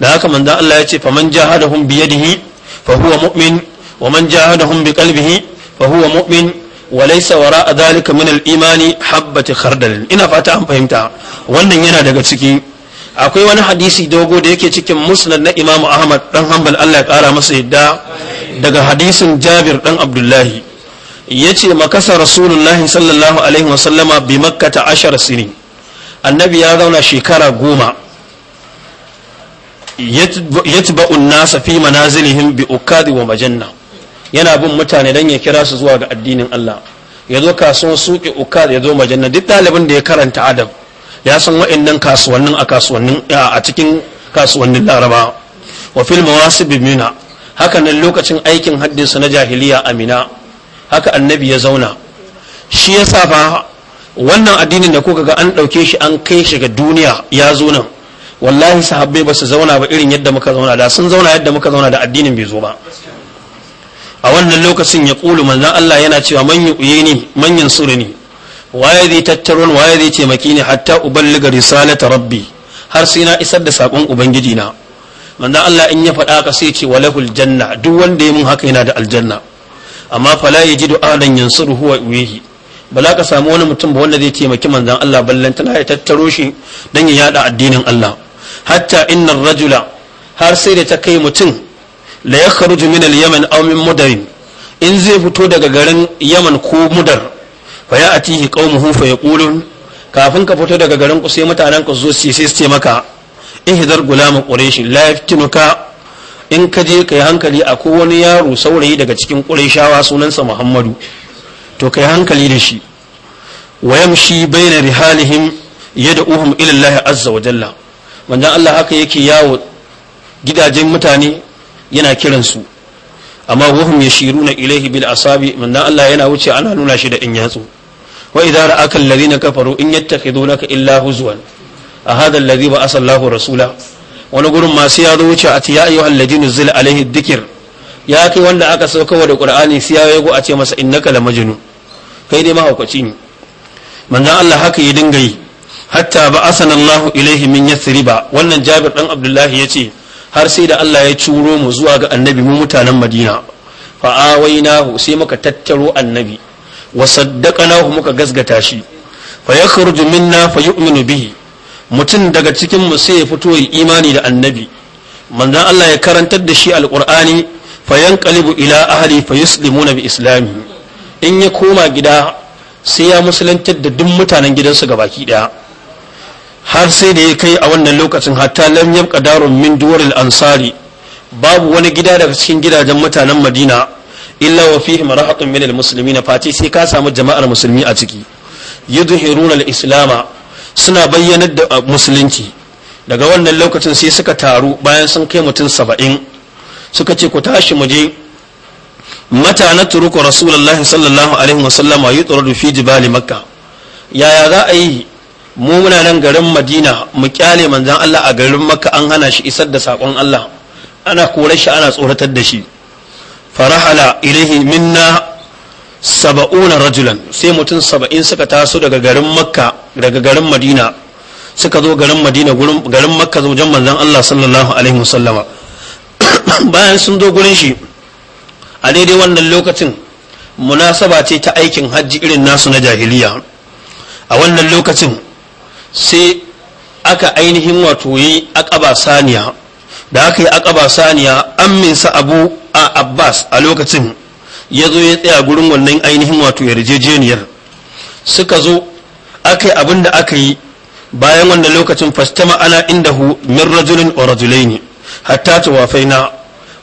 da haka manzon Allah ya ce fa faman jahadahum bi yadihi fa huwa mu'min wa man jahadahum bi qalbihi fa huwa mu'min walaisa wara a zalika min al'imani habbati khardalin ina fata an fahimta wannan yana daga ciki akwai wani hadisi dogo da yake cikin musnad na imamu ahmad dan hanbal allah ya kara masa yadda daga hadisin jabir dan abdullahi ya ce makasa rasulullahi sallallahu alaihi wasallama bi makkata ashar sini annabi ya zauna shekara goma yatba'un nasa fi manazilihim bi ukadi wa majanna yana bin mutane don ya kira su zuwa ga addinin Allah ya zo kasuwan suke uka ya zo majanna duk ɗalibin da ya karanta adab ya san wa'annan kasuwannin a kasuwannin a cikin kasuwannin laraba wa fil mawasib mina haka nan lokacin aikin haddinsa na jahiliya amina haka annabi ya zauna shi ya sa fa wannan addinin da kuka ga an ɗauke shi an kai shi ga duniya ya zo nan wallahi sahabbai ba su zauna ba irin yadda muka zauna da sun zauna yadda muka zauna da addinin bai zo ba a wannan lokacin ya ƙulu manzan Allah yana cewa manyan yi ni man yansuru ni waye zai tattaro waye zai taimaki ne hatta uballiga risalata rabbi har sai na isar da sakon ubangiji na manzan Allah in ya faɗa ka sai ce lahul janna duk wanda ya mun haka yana da aljanna amma fala ji ahadan yansuru huwa iwihi bala ka samu wani mutum ba wanda zai taimaki manzan Allah tana ya tattaro shi dan ya yada addinin Allah hatta innar rajula har sai da ta kai mutum la jiminal min al-yaman aw min mudar in zai fito daga garin yaman ko mudar fa atihi qaumuhu fa yaqulun kafin ka fito daga garin ku sai mutanen ku zo sai su ce maka ihdar gulam quraish la yaftinuka in ka je kai hankali akwai wani yaro saurayi daga cikin qurayshawa sunansa muhammadu to kai hankali da shi wayamshi bayna rihalihim yad'uhum ila Allah azza wa jalla manzon Allah haka yake yawo gidajen mutane yana kiransu amma ya shiru na ilaihi bil asabi manna Allah yana wuce ana nuna shi da in yatsu wa idza ra'aka alladhina kafaru in yattakhidunaka illa huzwan a hadha alladhi ba'asa Allahu rasula wani gurin masu ya zo wuce a tiya ayyuhal ladina zil alaihi dhikr ya kai wanda aka sauka da qur'ani sai ya yago a ce masa innaka la majnun kai dai mahaukaci ne manzon Allah haka ya dinga yi hatta ba asan Allah ilaihi min yathriba wannan Jabir dan Abdullahi yace har sai da Allah ya curo mu zuwa ga annabi mu mutanen Madina fa awainahu sai muka tattaro annabi wa nahu muka gasgata shi fa yakhruju minna fa yu'minu bihi mutum daga cikin mu sai ya fito ya imani da annabi manzon Allah ya karantar da shi alqur'ani fa yanqalibu ila ahli fa yuslimuna bi islami in ya koma gida sai ya musulantar da duk mutanen gidansu gabaki daya har sai da ya kai a wannan lokacin hatta lam yabqa darun min duwaril ansari babu wani gida daga cikin gidajen mutanen madina illa wa fihi marahatun min almuslimina fati sai ka samu jama'ar musulmi a ciki yudhiruna alislama suna bayyanar da uh, musulunci daga wannan lokacin sai suka taru bayan sun kai mutum saba'in suka ce ku tashi mu je matana na turuku rasulullahi sallallahu alaihi wasallam yutradu fi jibali makka yaya za a yi mu muna nan garin madina mu kyale manzan Allah a garin makka an hana shi isar da sakon Allah ana korar shi ana tsoratar da shi farahala ilaihi minna saba'una rajulan sai mutum saba'in suka taso daga garin makka daga garin madina suka zo garin madina garin makka wajen manzan Allah sallallahu alaihi wasallama bayan sun zo gurin shi a daidai wannan lokacin munasaba ce ta aikin hajji irin nasu na jahiliya a wannan lokacin sai aka ainihin wato yi akaba saniya da aka yi akaba saniya amminsa abu a abbas a lokacin ya zo ya tsaya gurin wannan ainihin wato yarjejeniyar suka zo aka yi abin da aka yi bayan wannan lokacin fastama ana indahu min rajulin wa rajulaini hatta na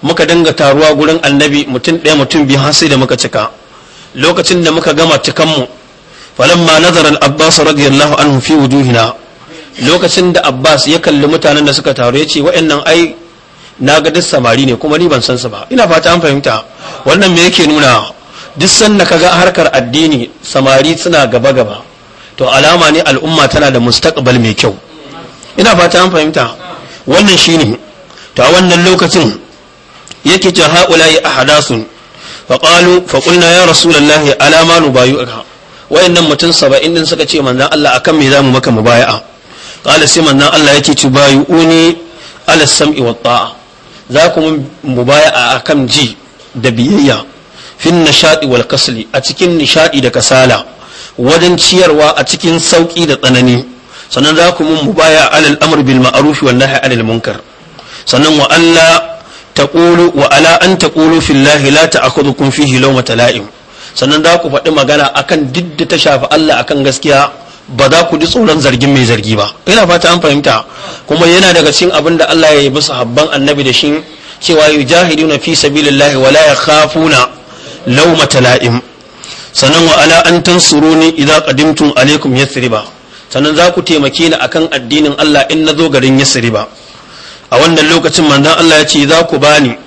muka dinga taruwa gurin annabi mutum ɗaya mutum biyu har sai da muka cika lokacin da muka gama cikanmu falamma nazara al-abbas radiyallahu anhu fi wujuhina lokacin da abbas ya kalli mutanen da suka taru ya ce wa'annan ai na ga duk samari ne kuma ni ban san su ba ina fata an fahimta wannan me yake nuna duk sanda kaga harkar addini samari suna gaba gaba to alama ne al'umma tana da mustaqbal mai kyau ina fata an fahimta wannan shine to a wannan lokacin yake cewa haula ya ahadasun fa qalu fa qulna ya rasulullahi alama nubayuka nan mutum saba'in din suka ce manzan Allah akan me zamu maka mubaya'a kala sai manzan Allah yake ci bayu uni ala sam'i wa ta'a za ku mun a akan ji da biyayya fin nishadi wal kasli a cikin nishadi da kasala wajen ciyarwa a cikin sauki da tsanani sannan za ku mun mubaya alal amr bil ma'ruf wan nahy anil munkar sannan wa alla taqulu wa ala an taqulu fillahi la ta'khudhukum fihi lawmata la'im sannan za ku faɗi magana akan duk da ta shafi Allah akan gaskiya ba za ku ji tsoron zargin mai zargi ba ina fata an fahimta kuma yana daga cikin abin da Allah ya yi musu habban annabi da shi cewa jahiduna fi sabilillahi wala yakhafuna lawmata la'im sannan wa ala an tansuruni idza qadimtum alaikum yathriba sannan za ku taimake ni akan addinin Allah in na nazo garin yasriba a wannan lokacin manzon Allah ya ce za ku bani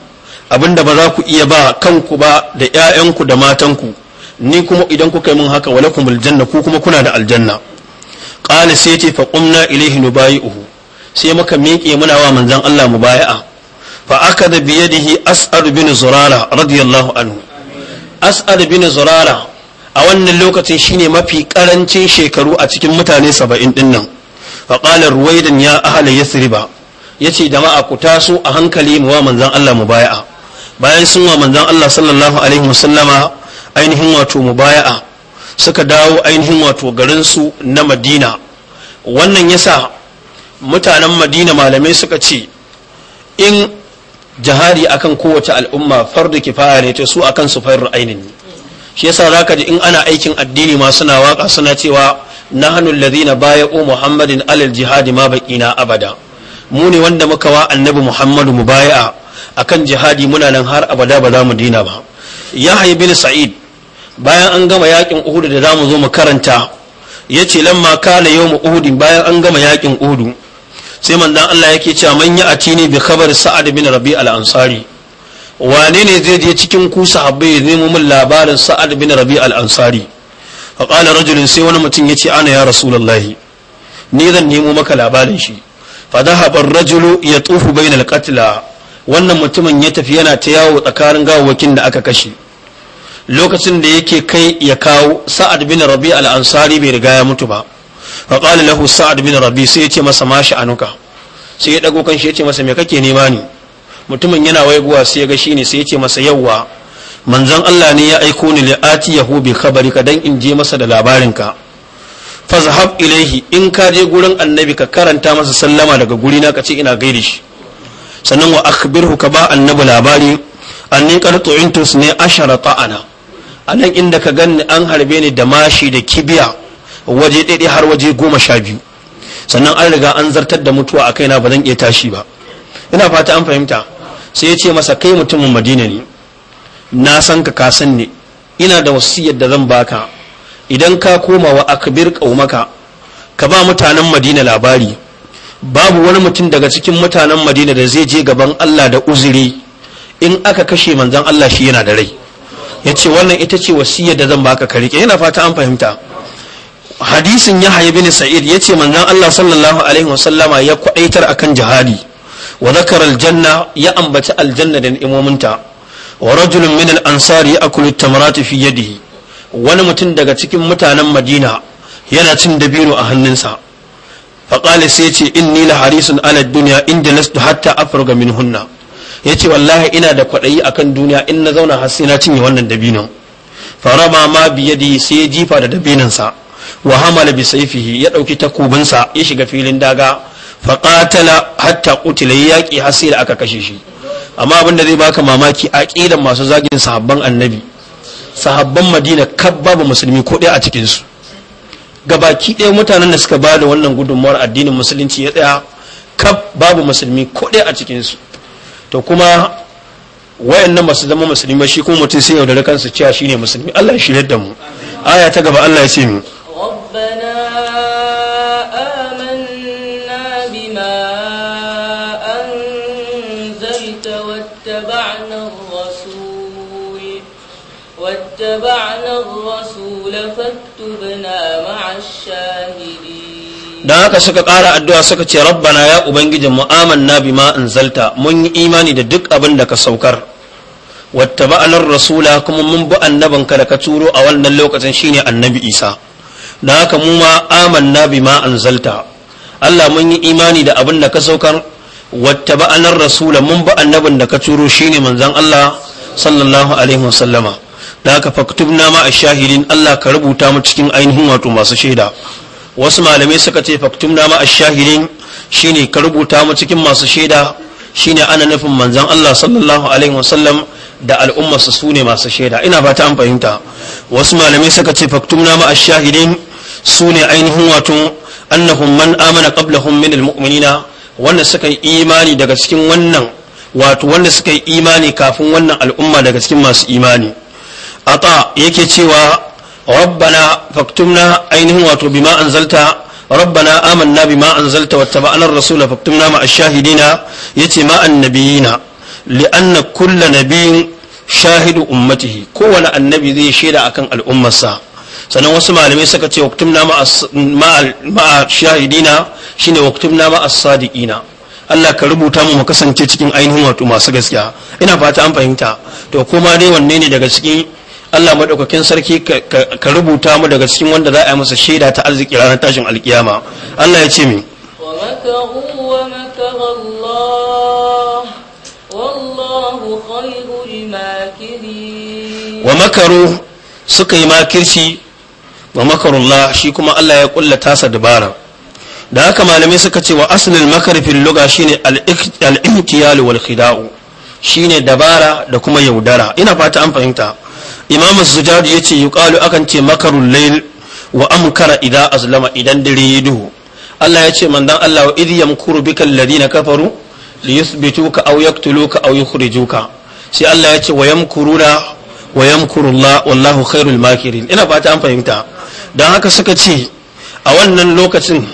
abinda ba za ku iya ba kanku ba da 'ya'yanku da matanku ni kuma idan kuka yi min haka kuma aljanna ku kuma kuna da aljanna qala sai ce fa qumna ilayhi uhu, sai muka miƙe muna wa manzon Allah baya'a. fa biye da hi as'ad bin zurara radiyallahu anhu as'ad bin zurara a wannan lokacin shine mafi ƙarancin shekaru a cikin mutane saba'in din nan fa qala ruwaidan ya ahala yasriba yace jama'a ku taso a hankali mu wa manzon Allah baya'a. bayan sun wa manzan Allah sallallahu alaihi wasallama ainihin wato mubaya'a suka dawo ainihin wato garin su na Madina wannan yasa mutanen Madina malamai suka ce in jihari akan kowace al'umma fardu kifaya ne ta su akan su ainihi ainin shi yasa zaka ji in ana aikin addini ma suna waka suna cewa nahnu alladhina bay'u muhammadin alal jihadi ma baqina abada mu ne wanda muka wa annabi muhammadu mu mubaya'a akan jihadi muna nan har abada ba za mu dina ba yahya bin sa'id bayan an gama yakin uhud da zamu zo mu karanta yace lamma kana yawm uhud bayan an gama yakin uhud sai manzon Allah yake cewa man ya atini bi khabar sa'ad bin rabi al ansari wane ne zai je cikin ku sahabbai ya nemo min labarin sa'ad bin rabi al ansari fa qala rajulun sai wani mutum yace ana ya rasulullahi ni zan nemo maka labarin shi fa dhahaba ar-rajulu yatufu bayna al-qatla wannan mutumin ya tafi yana ta yawo tsakanin gawawakin da aka kashe lokacin da yake kai ya kawo sa'ad bin rabi al-ansari bai riga ya mutu ba fa qala lahu sa'ad bin rabi sai ya ce masa mashi anuka sai ya dago kanshi ya ce masa me kake nema ni mutumin yana waiguwa sai ya ga shine sai ya ce masa yawwa manzon Allah ne ya aiko ni li yahu bi ka dan in je masa da labarinka fazhab ilaihi in ka je gurin annabi ka karanta masa sallama daga guri na ce ina gaida shi sannan wa akhbirhu ka ba annabi labari annin intus ne ashara ta'ana anan inda ka ganni an harbe ni da mashi da kibiya waje ɗaiɗe har waje goma sha biyu sannan an riga an zartar da mutuwa a kaina ba zan iya tashi ba ina fata an fahimta sai ya ce masa kai mutumin madina ne na san ka kasan ne ina da wasiyar da zan baka idan ka koma wa akbir ka ba mutanen madina labari babu wani mutum daga cikin mutanen madina da zai je gaban allah da uzuri in aka kashe manzan allah shi yana da rai ya ce wannan ita ce wasiyar da zan baka ka rike yana fata an fahimta hadisin ya haye bin sa'id ya ce manzan allah sallallahu alaihi wasallama ya kwaɗaitar akan jihadi wa zakar aljanna ya ambaci aljanna da ni'imominta wa rajulun min al-ansar ya'kulu tamarati fi yadihi wani mutum daga cikin mutanen madina yana cin dabino a hannunsa faƙali sai ce inni la harisun ala duniya inda lastu hatta afirga min hunna ya ce wallahi ina da kwaɗayi akan duniya in na zauna har na cinye wannan dabinin farama ma biyadi sai ya jifa da dabininsa wa hamala bi saifihi ya ɗauki takubinsa ya shiga filin daga faƙatala hatta ƙutila ya yaƙi har da aka kashe shi amma abin da zai baka mamaki aƙidan masu zagin sahabban annabi sahabban madina kab babu musulmi ko ɗaya a cikinsu gabaki ɗaya mutanen da suka ba da wannan gudunmawar addinin musulunci ya tsaya kaf babu musulmi ko ɗaya a cikinsu to kuma wayan ba su zama musulmi shi kuma mutum sai yaudare kansu cewa shine musulmi Allah ya shirya da mu aya ta gaba Allah ya ce mu da haka suka ƙara addu'a suka ce rabbana ya ubangijin mu amanna bima anzalta mun yi imani da duk abin da ka saukar ba'anar rasula kuma mun bi annabinka da ka turo a wannan lokacin shine annabi isa da haka mu ma amanna bima anzalta Allah mun yi imani da abin da ka saukar ba'anar rasula mun bi annabin da ka turo shine manzon Allah sallallahu alaihi wasallama da haka faktubna ma a shahidin Allah ka rubuta mu cikin ainihin wato masu shaida wasu malamai suka ce faktubna ma a shahidin shine ka rubuta mu cikin masu shaida shine ana nufin manzon Allah sallallahu alaihi wasallam da al'ummarsa su ne masu shaida ina fata an fahimta wasu malamai suka ce faktubna ma a shahidin su ne ainihin wato annahum man amana qablahum min almu'minina wanda suka yi imani daga cikin wannan wato wanda suka yi imani kafin wannan al'umma daga cikin masu imani ata yake cewa rabbana faktumna ainihin wato bima anzalta rabbana amanna bima anzalta wattaba'na rasula faktumna ma ash-shahidina yace ma annabiyina li'anna kullu nabiyyin shahidu ummatihi kowane annabi zai shaida akan al'ummarsa sannan wasu malamai suka ce waktumna ma shahidina shine waktumna ma as-sadiqina Allah ka rubuta mu mu kasance cikin ainihin wato masu gaskiya ina fata an fahimta to kuma dai wanne ne daga cikin Allah madaukakin sarki ka rubuta mu daga cikin wanda za a yi masa shaida ta arziki ranar tashin alkiyama Allah ya ce mi wa makaru suka yi makirci wa makarun la shi kuma Allah ya kulla tasa dabara da haka malamai suka ce wa asalin makarfin luga shine al-ihtiyal wal khida'u shine dabara da kuma yaudara ina fata an fahimta imamu sujadu ya ce yuqalu akan ce makarul layl wa amkara idan azlama idan dare ya duhu Allah ya ce mandan Allah wa idh yamkuru bika alladhina kafaru li yuthbituka aw yaqtuluka aw yukhrijuka sai Allah ya ce wa yamkuruna wa yamkuru Allah wallahu khairul makirin ina fata an fahimta dan haka suka ce a wannan lokacin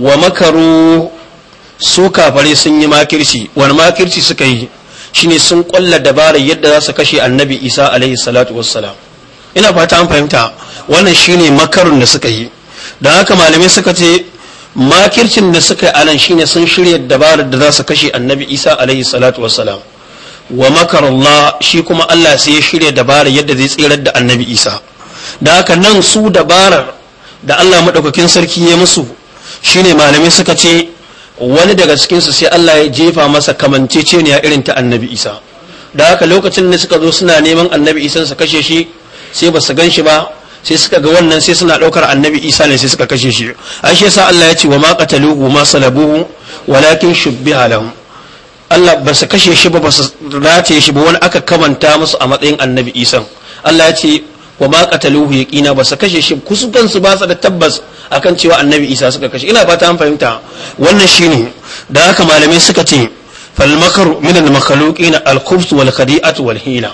wa makaru su kafare sun yi makirci wani makirci suka yi shine sun kwalla dabarar yadda za su kashe annabi isa alaihi salatu wassalam ina fata an fahimta wannan shine makarun da suka yi don haka malamai suka ce makircin da suka yi anan shine sun shirya dabarar da za su kashe annabi isa alaihi salatu wassalam wa makarallah shi kuma allah sai ya shirya dabarar yadda zai tsirar da annabi isa da haka nan su dabarar da allah maɗaukakin sarki ya musu shine malamai suka ce wani daga cikinsu sai Allah ya jefa masa kamanceceniya irin ta annabi isa da haka lokacin da suka zo suna neman annabi isa su kashe shi sai ba su gan shi ba sai suka ga wannan sai suna ɗaukar annabi isa ne sai suka kashe shi ai shi yasa Allah ya ce wa ma qataluhu ma salabuhu walakin shubbiha lahum Allah ba su kashe shi ba ba su rataye shi ba wani aka kamanta musu a matsayin annabi isa Allah ya ce wa ma qataluhu yaqina ba su kashe shi kuskan su ba su da tabbas akan cewa annabi isa suka kashe ina fata an fahimta wannan shine da haka malamai suka ce fal makaru min al makhluqina al khubs wal khadi'atu wal hila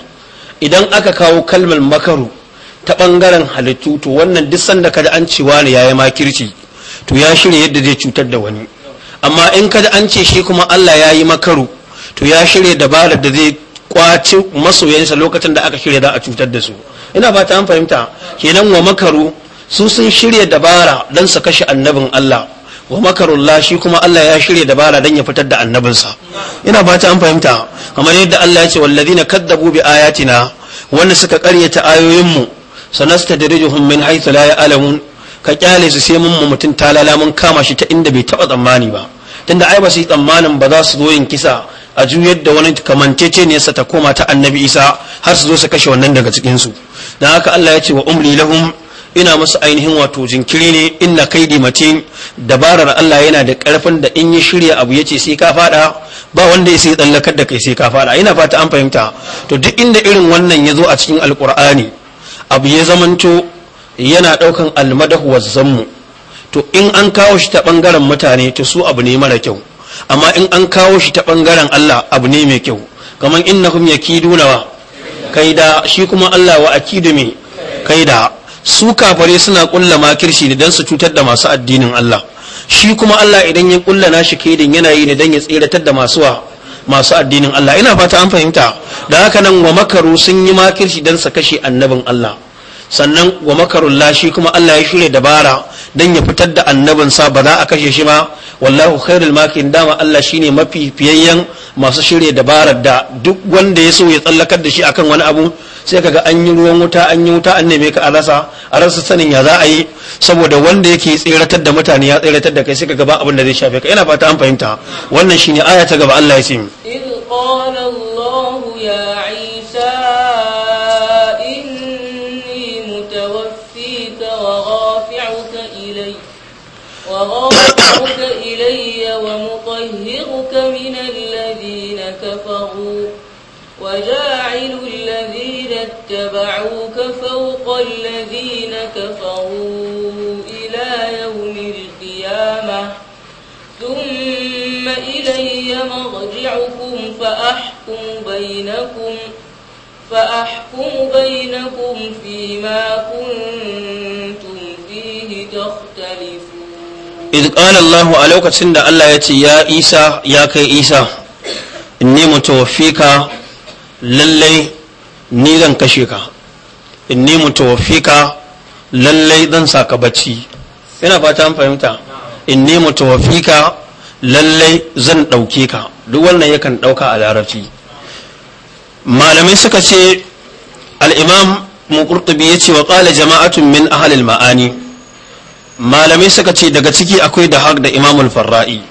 idan aka kawo kalmar makaru ta bangaren halittu to wannan duk sanda kada an ne wani yayi makirci to ya shirya yadda zai cutar da wani amma in kada an ce shi kuma Allah ya yi makaru to ya shirya dabarar da zai kwaci masoyansa lokacin da aka shirya za a cutar da su ina ba ta an fahimta kenan wa makaru su sun shirya dabara don su kashe annabin Allah wa makarullah shi kuma Allah ya shirya dabara don ya fitar da annabinsa ina ba ta an fahimta kamar yadda Allah ya ce wallazina kaddabu bi ayatina wanda suka karyata ayoyinmu sanastadrijuhum min haythu la ya'lamun ka kyale su sai mun mutum talala mun kama shi ta inda bai taba tsammani ba tunda ai ba su yi tsammanin ba za su zo yin kisa a juyar da wani kamanceceniyarsa ta koma ta annabi isa har su zo su kashe wannan daga cikinsu don haka allah ya ce wa umri lahum ina musu ainihin wato jinkiri ne inna kai matin dabarar allah yana da karfin da in yi shirya abu ya ce sai ka fada ba wanda ya sai tsallakar da kai sai ka fada ina fata an fahimta to duk inda irin wannan ya zo a cikin alkur'ani abu ya zamanto yana ɗaukan almadahu wa zammu to in an kawo shi ta bangaren mutane to su abu ne mara kyau amma in an kawo shi ta ɓangaren Allah abu ne mai kyau kamar innahum yakiduna wa kaida shi kuma Allah wa akidu mai kaida su kafare suna kulla makirci ne dan su cutar da masu addinin Allah shi kuma Allah idan ya kulla nashi kaidin yana yi ne dan ya tsiratar da masu wa masu addinin Allah ina fata an fahimta da haka nan wa makaru sun yi makirci dan su kashe annabin Allah sannan wa makarun lashi kuma Allah ya shirya dabara don ya fitar da annabinsa ba za a kashe shi ba wallahu khairul makin dama Allah shine mafi fiyayyen masu shirya dabarar da duk wanda ya so ya tsallakar da shi akan wani abu sai kaga an yi ruwan wuta an yi wuta an neme ka a rasa a rasa sanin ya za a yi saboda wanda yake tseratar da mutane ya tseratar da kai sai kaga ba abin da zai shafe ka ina fata an fahimta wannan shine aya ta gaba Allah ya ce وغافعك إلي وغافعك اتبعوك فوق الذين كفروا إلى يوم القيامة ثم إلي مرجعكم فأحكم بينكم فأحكم بينكم فيما كنتم فيه تختلفون إذ قال الله على وقت سند الله يتي يا عيسى يا كي عيسى إني متوفيك للي ni zan kashe ka in ni ka lallai zan ka bacci ina fata an fahimta in ni ka lallai zan ɗauke ka duk wannan yakan ɗauka a larabci malamai suka ce al'imam mukurtubi ya ce wa ƙala jama'atun min ahalil ma'ani malamai suka ce daga ciki akwai da haƙ da imamul farra'i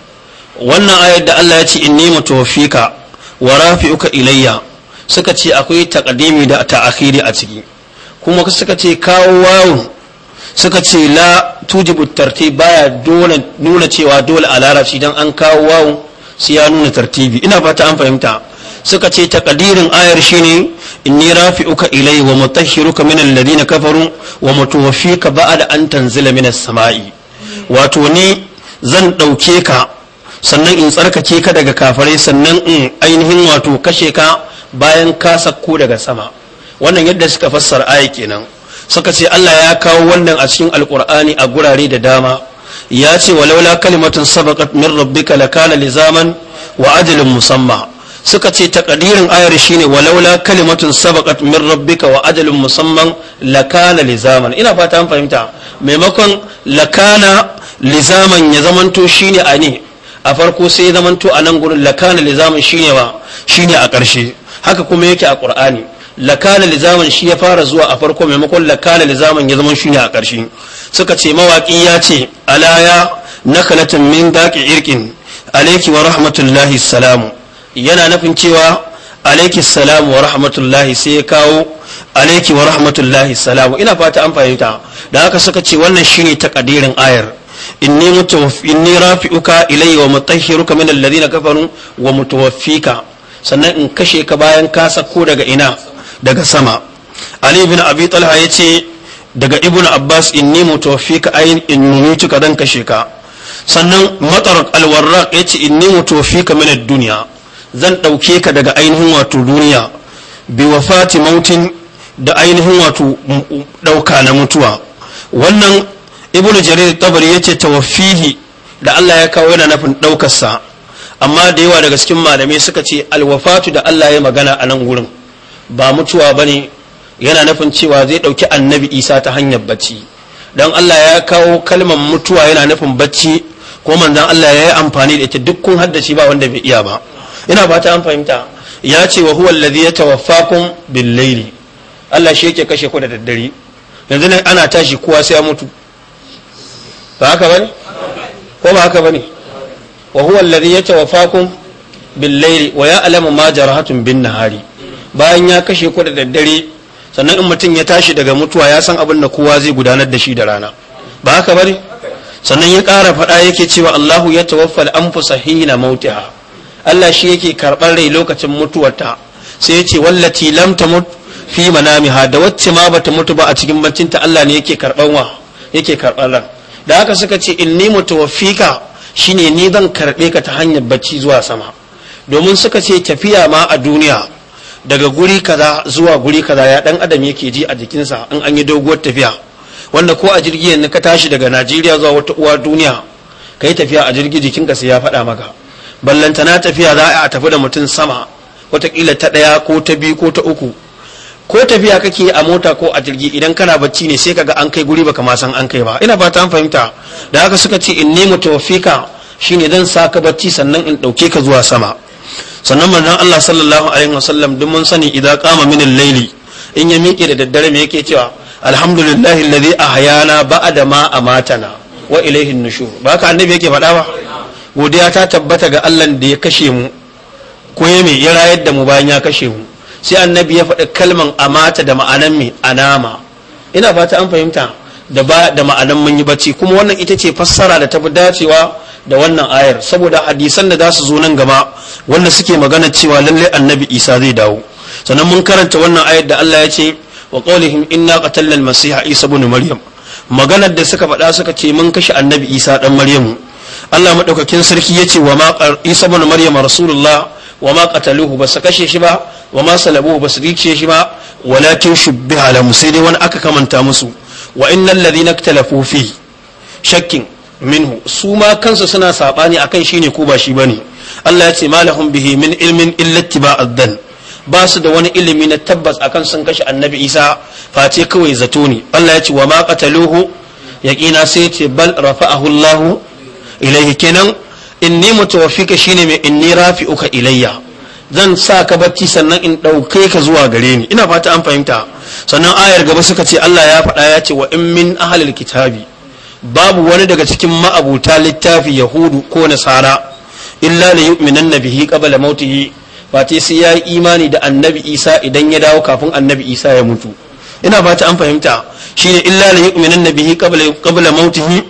wannan ayar da allah ya ce in ni mutawaffika wa uka ilayya suka ce akwai takadimi da ta'akhiri a ciki kuma suka ce kawo wawu suka ce la tujibu tartib baya dole nuna cewa dole a larabci dan an kawo wawu sai ya nuna tartibi ina fata an fahimta suka ce takadirin ayar shine inni rafi'uka ilai wa mutahhiruka min alladhina kafaru wa mutawaffika ba'da an tanzila min samai wato ni zan dauke ka sannan in tsarkake ka daga kafarai sannan in ainihin wato kashe ka bayan ka sakko daga sama wannan yadda suka fassara aya kenan suka ce Allah ya kawo wannan a cikin alkur'ani a gurare da dama ya ce walaula kalimatun sabaqat min rabbika lakana lizaman wa ajalin musamma suka ce takadirin ayar shine walaula kalimatun sabaqat min rabbika wa ajalin musamman lakana lizaman ina fata an fahimta maimakon lakana lizaman ya zamanto shine a ne a farko sai zamanto a nan gurin lakana lizamin shine ba shine a ƙarshe haka kuma yake a ƙur'ani lakana lizamin shi ya fara zuwa a farko maimakon lakana lizamin ya zama shine a ƙarshe suka ce mawaƙi ya ce alaya nakalatin min daƙi irkin alaiki wa rahmatullahi salamu yana nufin cewa alaiki salamu wa rahmatullahi sai ya kawo alaiki wa rahmatullahi salamu ina fata an fahimta da haka suka ce wannan shine takadirin ayar inni mutawaffi inni rafi'uka ilayya wa mutahhiruka min alladhina kafaru wa mutawaffika sannan in kashe ka bayan ka sako daga ina daga sama ali ibn abi talha yace daga ibn abbas inni mutawaffika ayin in ka dan kashe ka sannan matar alwarraq yace inni mutawaffika min ad-dunya zan dauke ka daga ainihin wato duniya bi wafati mautin da ainihin wato dauka na mutuwa wannan ibnu jarir tabari yace tawaffihi da Allah ya kawo yana nufin daukar sa amma da yawa daga cikin malamai suka ce alwafatu da Allah ya magana a nan gurin ba mutuwa bane yana nufin cewa zai dauki annabi Isa ta hanyar bacci dan Allah ya kawo kalmar mutuwa yana nufin bacci ko manzon Allah ya yi amfani da ita duk kun haddace ba wanda bai iya ba ina fata an fahimta ya ce wa huwa alladhi yatawaffakum bil layli Allah shi yake kashe ku da daddare yanzu ne ana tashi kowa sai ya mutu ba haka bane ko ba haka bane wa huwa alladhi yatawaffakum bil layli wa ya'lamu ma jarahatun bin nahari bayan ya kashe ku da daddare sannan in mutum ya tashi daga mutuwa ya san abin da kowa zai gudanar da shi da rana ba haka bane sannan ya ƙara faɗa yake cewa Allahu ya tawaffal anfusa hina mautiha Allah shi yake karɓar rai lokacin mutuwarta sai yace ce wallati lam tamut fi manamiha da wacce ma bata mutu ba a cikin bacinta Allah ne yake karɓar wa yake karɓar ran da haka suka ce in inni ka shine ni zan karbe ka ta hanyar bacci zuwa sama domin suka ce tafiya ma a duniya daga guri kaza zuwa guri kaza ya dan adam yake ji a jikinsa in an yi doguwar tafiya wanda ko a jirgi yanzu ka tashi daga Najeriya zuwa wata uwa duniya ka yi tafiya a jirgi jikinka sai ya faɗa maka ballantana tafiya za a tafi da mutum sama watakila ta ɗaya ko ta biyu ko ta uku ko tafiya kake a mota ko a jirgi idan kana bacci ne sai kaga an kai guri baka ma san an kai ba ina ba ta fahimta da haka suka ce in nemi tawfika shine zan saka bacci sannan in dauke ka zuwa sama sannan manzon Allah sallallahu alaihi wasallam duk mun sani idan qama min al-layli in ya miƙe da daddare me yake cewa alhamdulillahi alladhi ahyana ba'da ma amatana wa ilayhi an-nushur ba ka annabi yake faɗa ba godiya ta tabbata ga Allah da ya kashe mu ko ya me ya rayar da mu bayan ya kashe mu sai annabi ya faɗi kalman amata da ma'anan mai nama ina fata an fahimta da ba da ma'anan mun yi bacci kuma wannan ita ce fassara da fi dacewa da wannan ayar saboda hadisan da za su zo nan gaba wanda suke magana cewa lallai annabi isa zai dawo sannan mun karanta wannan ayar da Allah ya ce wa qawlihim inna qatalna al-masiha isa ibn maryam maganar da suka faɗa suka ce mun kashe annabi isa dan maryamu Allah maɗaukakin sarki ya ce wa ma isa ibn maryam rasulullah wa ma qataluhu ba su kashe shi ba wa ma salabuhu ba su gice shi ba walakin shubbiha lahum sai dai wani aka kamanta musu wa innal ladhina ikhtalafu fi shakkin minhu su ma kansu suna sabani akan shine ko ba shi ba ne. Allah ya ce malahum bihi min ilmin illa ittiba'ad ba su da wani ilimi na tabbas akan sun kashe annabi isa face kawai zato ne Allah ya ce wa ma qataluhu yaqina sai ce bal rafa'ahu ilai ilaihi kenan inni mutawaffika shine mai inni rafi'uka ilayya zan sa ka bacci sannan in dauke ka zuwa gare ni ina fata an fahimta sannan ayar gaba suka ce Allah ya faɗa ya ce wa in min ahlil kitabi babu wani daga cikin ma'abuta littafi yahudu ko nasara illa la yu'minanna bihi qabla mautihi ba sai ya yi imani da annabi isa idan ya dawo kafin annabi isa ya mutu ina fata an fahimta shine illa la yu'minanna bihi qabla qabla mautihi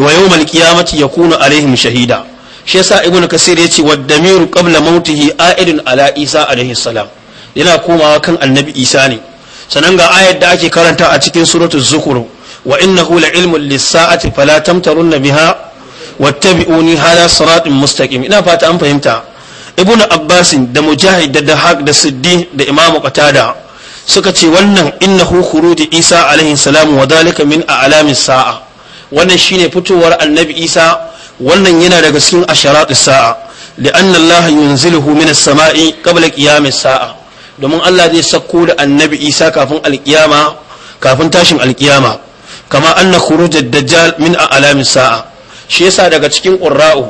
wa al qiyamati yakunu alaihim shahida shi yasa ibnu kasir yace wa damiru qabla mautihi a'idun ala isa alaihi salam yana komawa kan annabi isa ne sanan ga ayar da ake karanta a cikin suratul zukuru wa innahu la ilmun lis-sa'ati fala tamtarunna biha wattabi'uni hala siratun mustaqim ina fata an fahimta ibnu abbas da mujahid da dahaq da siddi da imam qatada suka ce wannan innahu khuruj isa alaihi salam wa dalika min a'lamis sa'a wannan shine fitowar annabi isa wannan yana daga cikin asharat sa'a li'anna Allah yunziluhu min as-sama'i qabla qiyamis sa'a domin Allah zai sako da annabi Isa kafin alkiyama kafin tashin alkiyama kama anna khuruj ad-dajjal min a'lamis sa'a shi yasa daga cikin qurra'u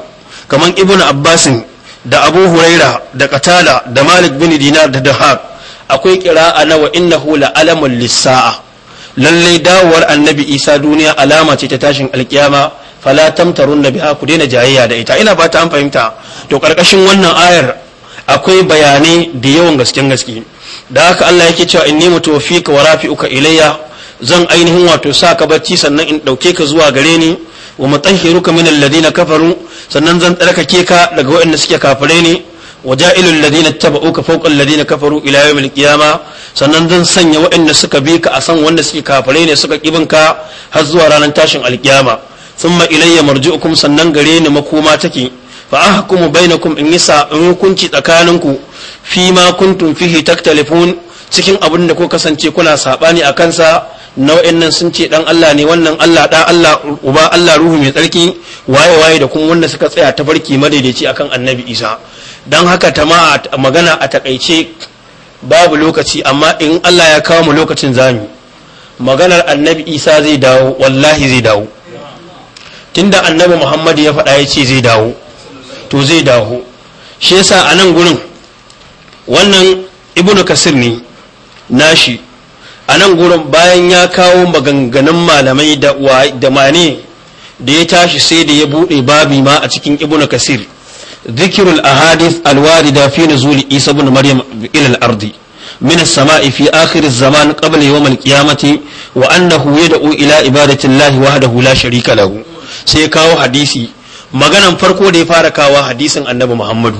kaman ibnu abbasin da abu huraira da katala da malik bin dinar da dahab akwai kira'a na wa innahu la alamun lallai dawowar annabi isa duniya alama ce ta tashin alkiyama fala tamtarun na biha ku daina jayayya da ita ina ba ta an fahimta to karkashin wannan ayar akwai bayanai da yawan gasken gaske da haka Allah yake cewa inni mutawfika wa rafi'uka ilayya zan ainihin wato sa ka barci sannan in dauke ka zuwa gare ni wa mutahhiruka min alladhina kafaru sannan zan tsarkake ka daga waɗanda suke kafire ni wa ja'ilul ladina tabauka fawqa alladhina kafaru ila yawmil qiyama sannan zan sanya waɗanda suka bi ka a san wanda suke kafire ne suka kibinka har zuwa ranar tashin alkiyama thumma ilayya marji'ukum sannan gare ni makoma take fa ahkumu bainakum in yi in hukunci tsakaninku fi ma kuntum fihi cikin abin da ko kasance kuna sabani a kansa nau'in nan sun ce dan Allah ne wannan Allah da Allah uba Allah ruhu mai tsarki waye waye da kuma wanda suka tsaya ta barki madaidaici akan annabi Isa dan haka tama magana a takaice babu lokaci amma in Allah ya kawo mu lokacin zamu maganar annabi Isa zai dawo wallahi zai dawo tunda annabi muhammadu ya faɗa ya ce zai dawo to zai dawo shi yasa a nan gurin wannan ibnu kasir ne nashi a nan gurin bayan ya kawo maganganun malamai da mane da ya tashi sai da ya buɗe babi ma a cikin ibnu kasir zikirul ahadith alwarida fi nuzul isa ibn maryam ila al-ardi من السماء في آخر الزمان قبل يوم القيامة وأنه يدعو إلى عبادة الله وحده لا شريك له sai ya kawo hadisi maganan farko da ya fara kawo hadisin annabi muhammadu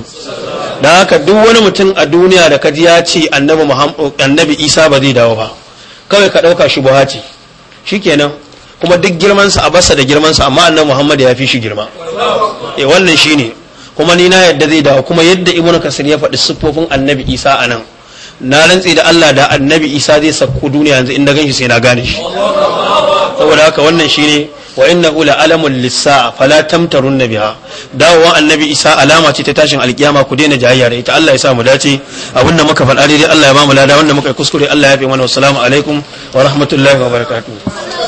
da haka duk wani mutum a duniya da kaji ya ce annabi isa ba zai dawo ba kawai ka ɗauka shi buha ce kenan kuma duk girmansa a basa da girmansa amma annabi muhammadu ya fi shi girma e wannan shi ne kuma ni na yadda zai dawo kuma yadda ibn kasir ya faɗi siffofin annabi isa a nan na rantse da allah da annabi isa zai sakko duniya yanzu inda ganshi sai na gane shi saboda haka wannan shine wa inna ula alamun lissa fala tamtarun biha dawowa annabi isa alama ce ta tashin alkiyama ku daina jayayya da ita Allah ya sa mu dace abin da muka faɗa daidai Allah ya ba mu lada wanda muka kuskure Allah ya fi mana wassalamu alaikum wa rahmatullahi wa barakatu.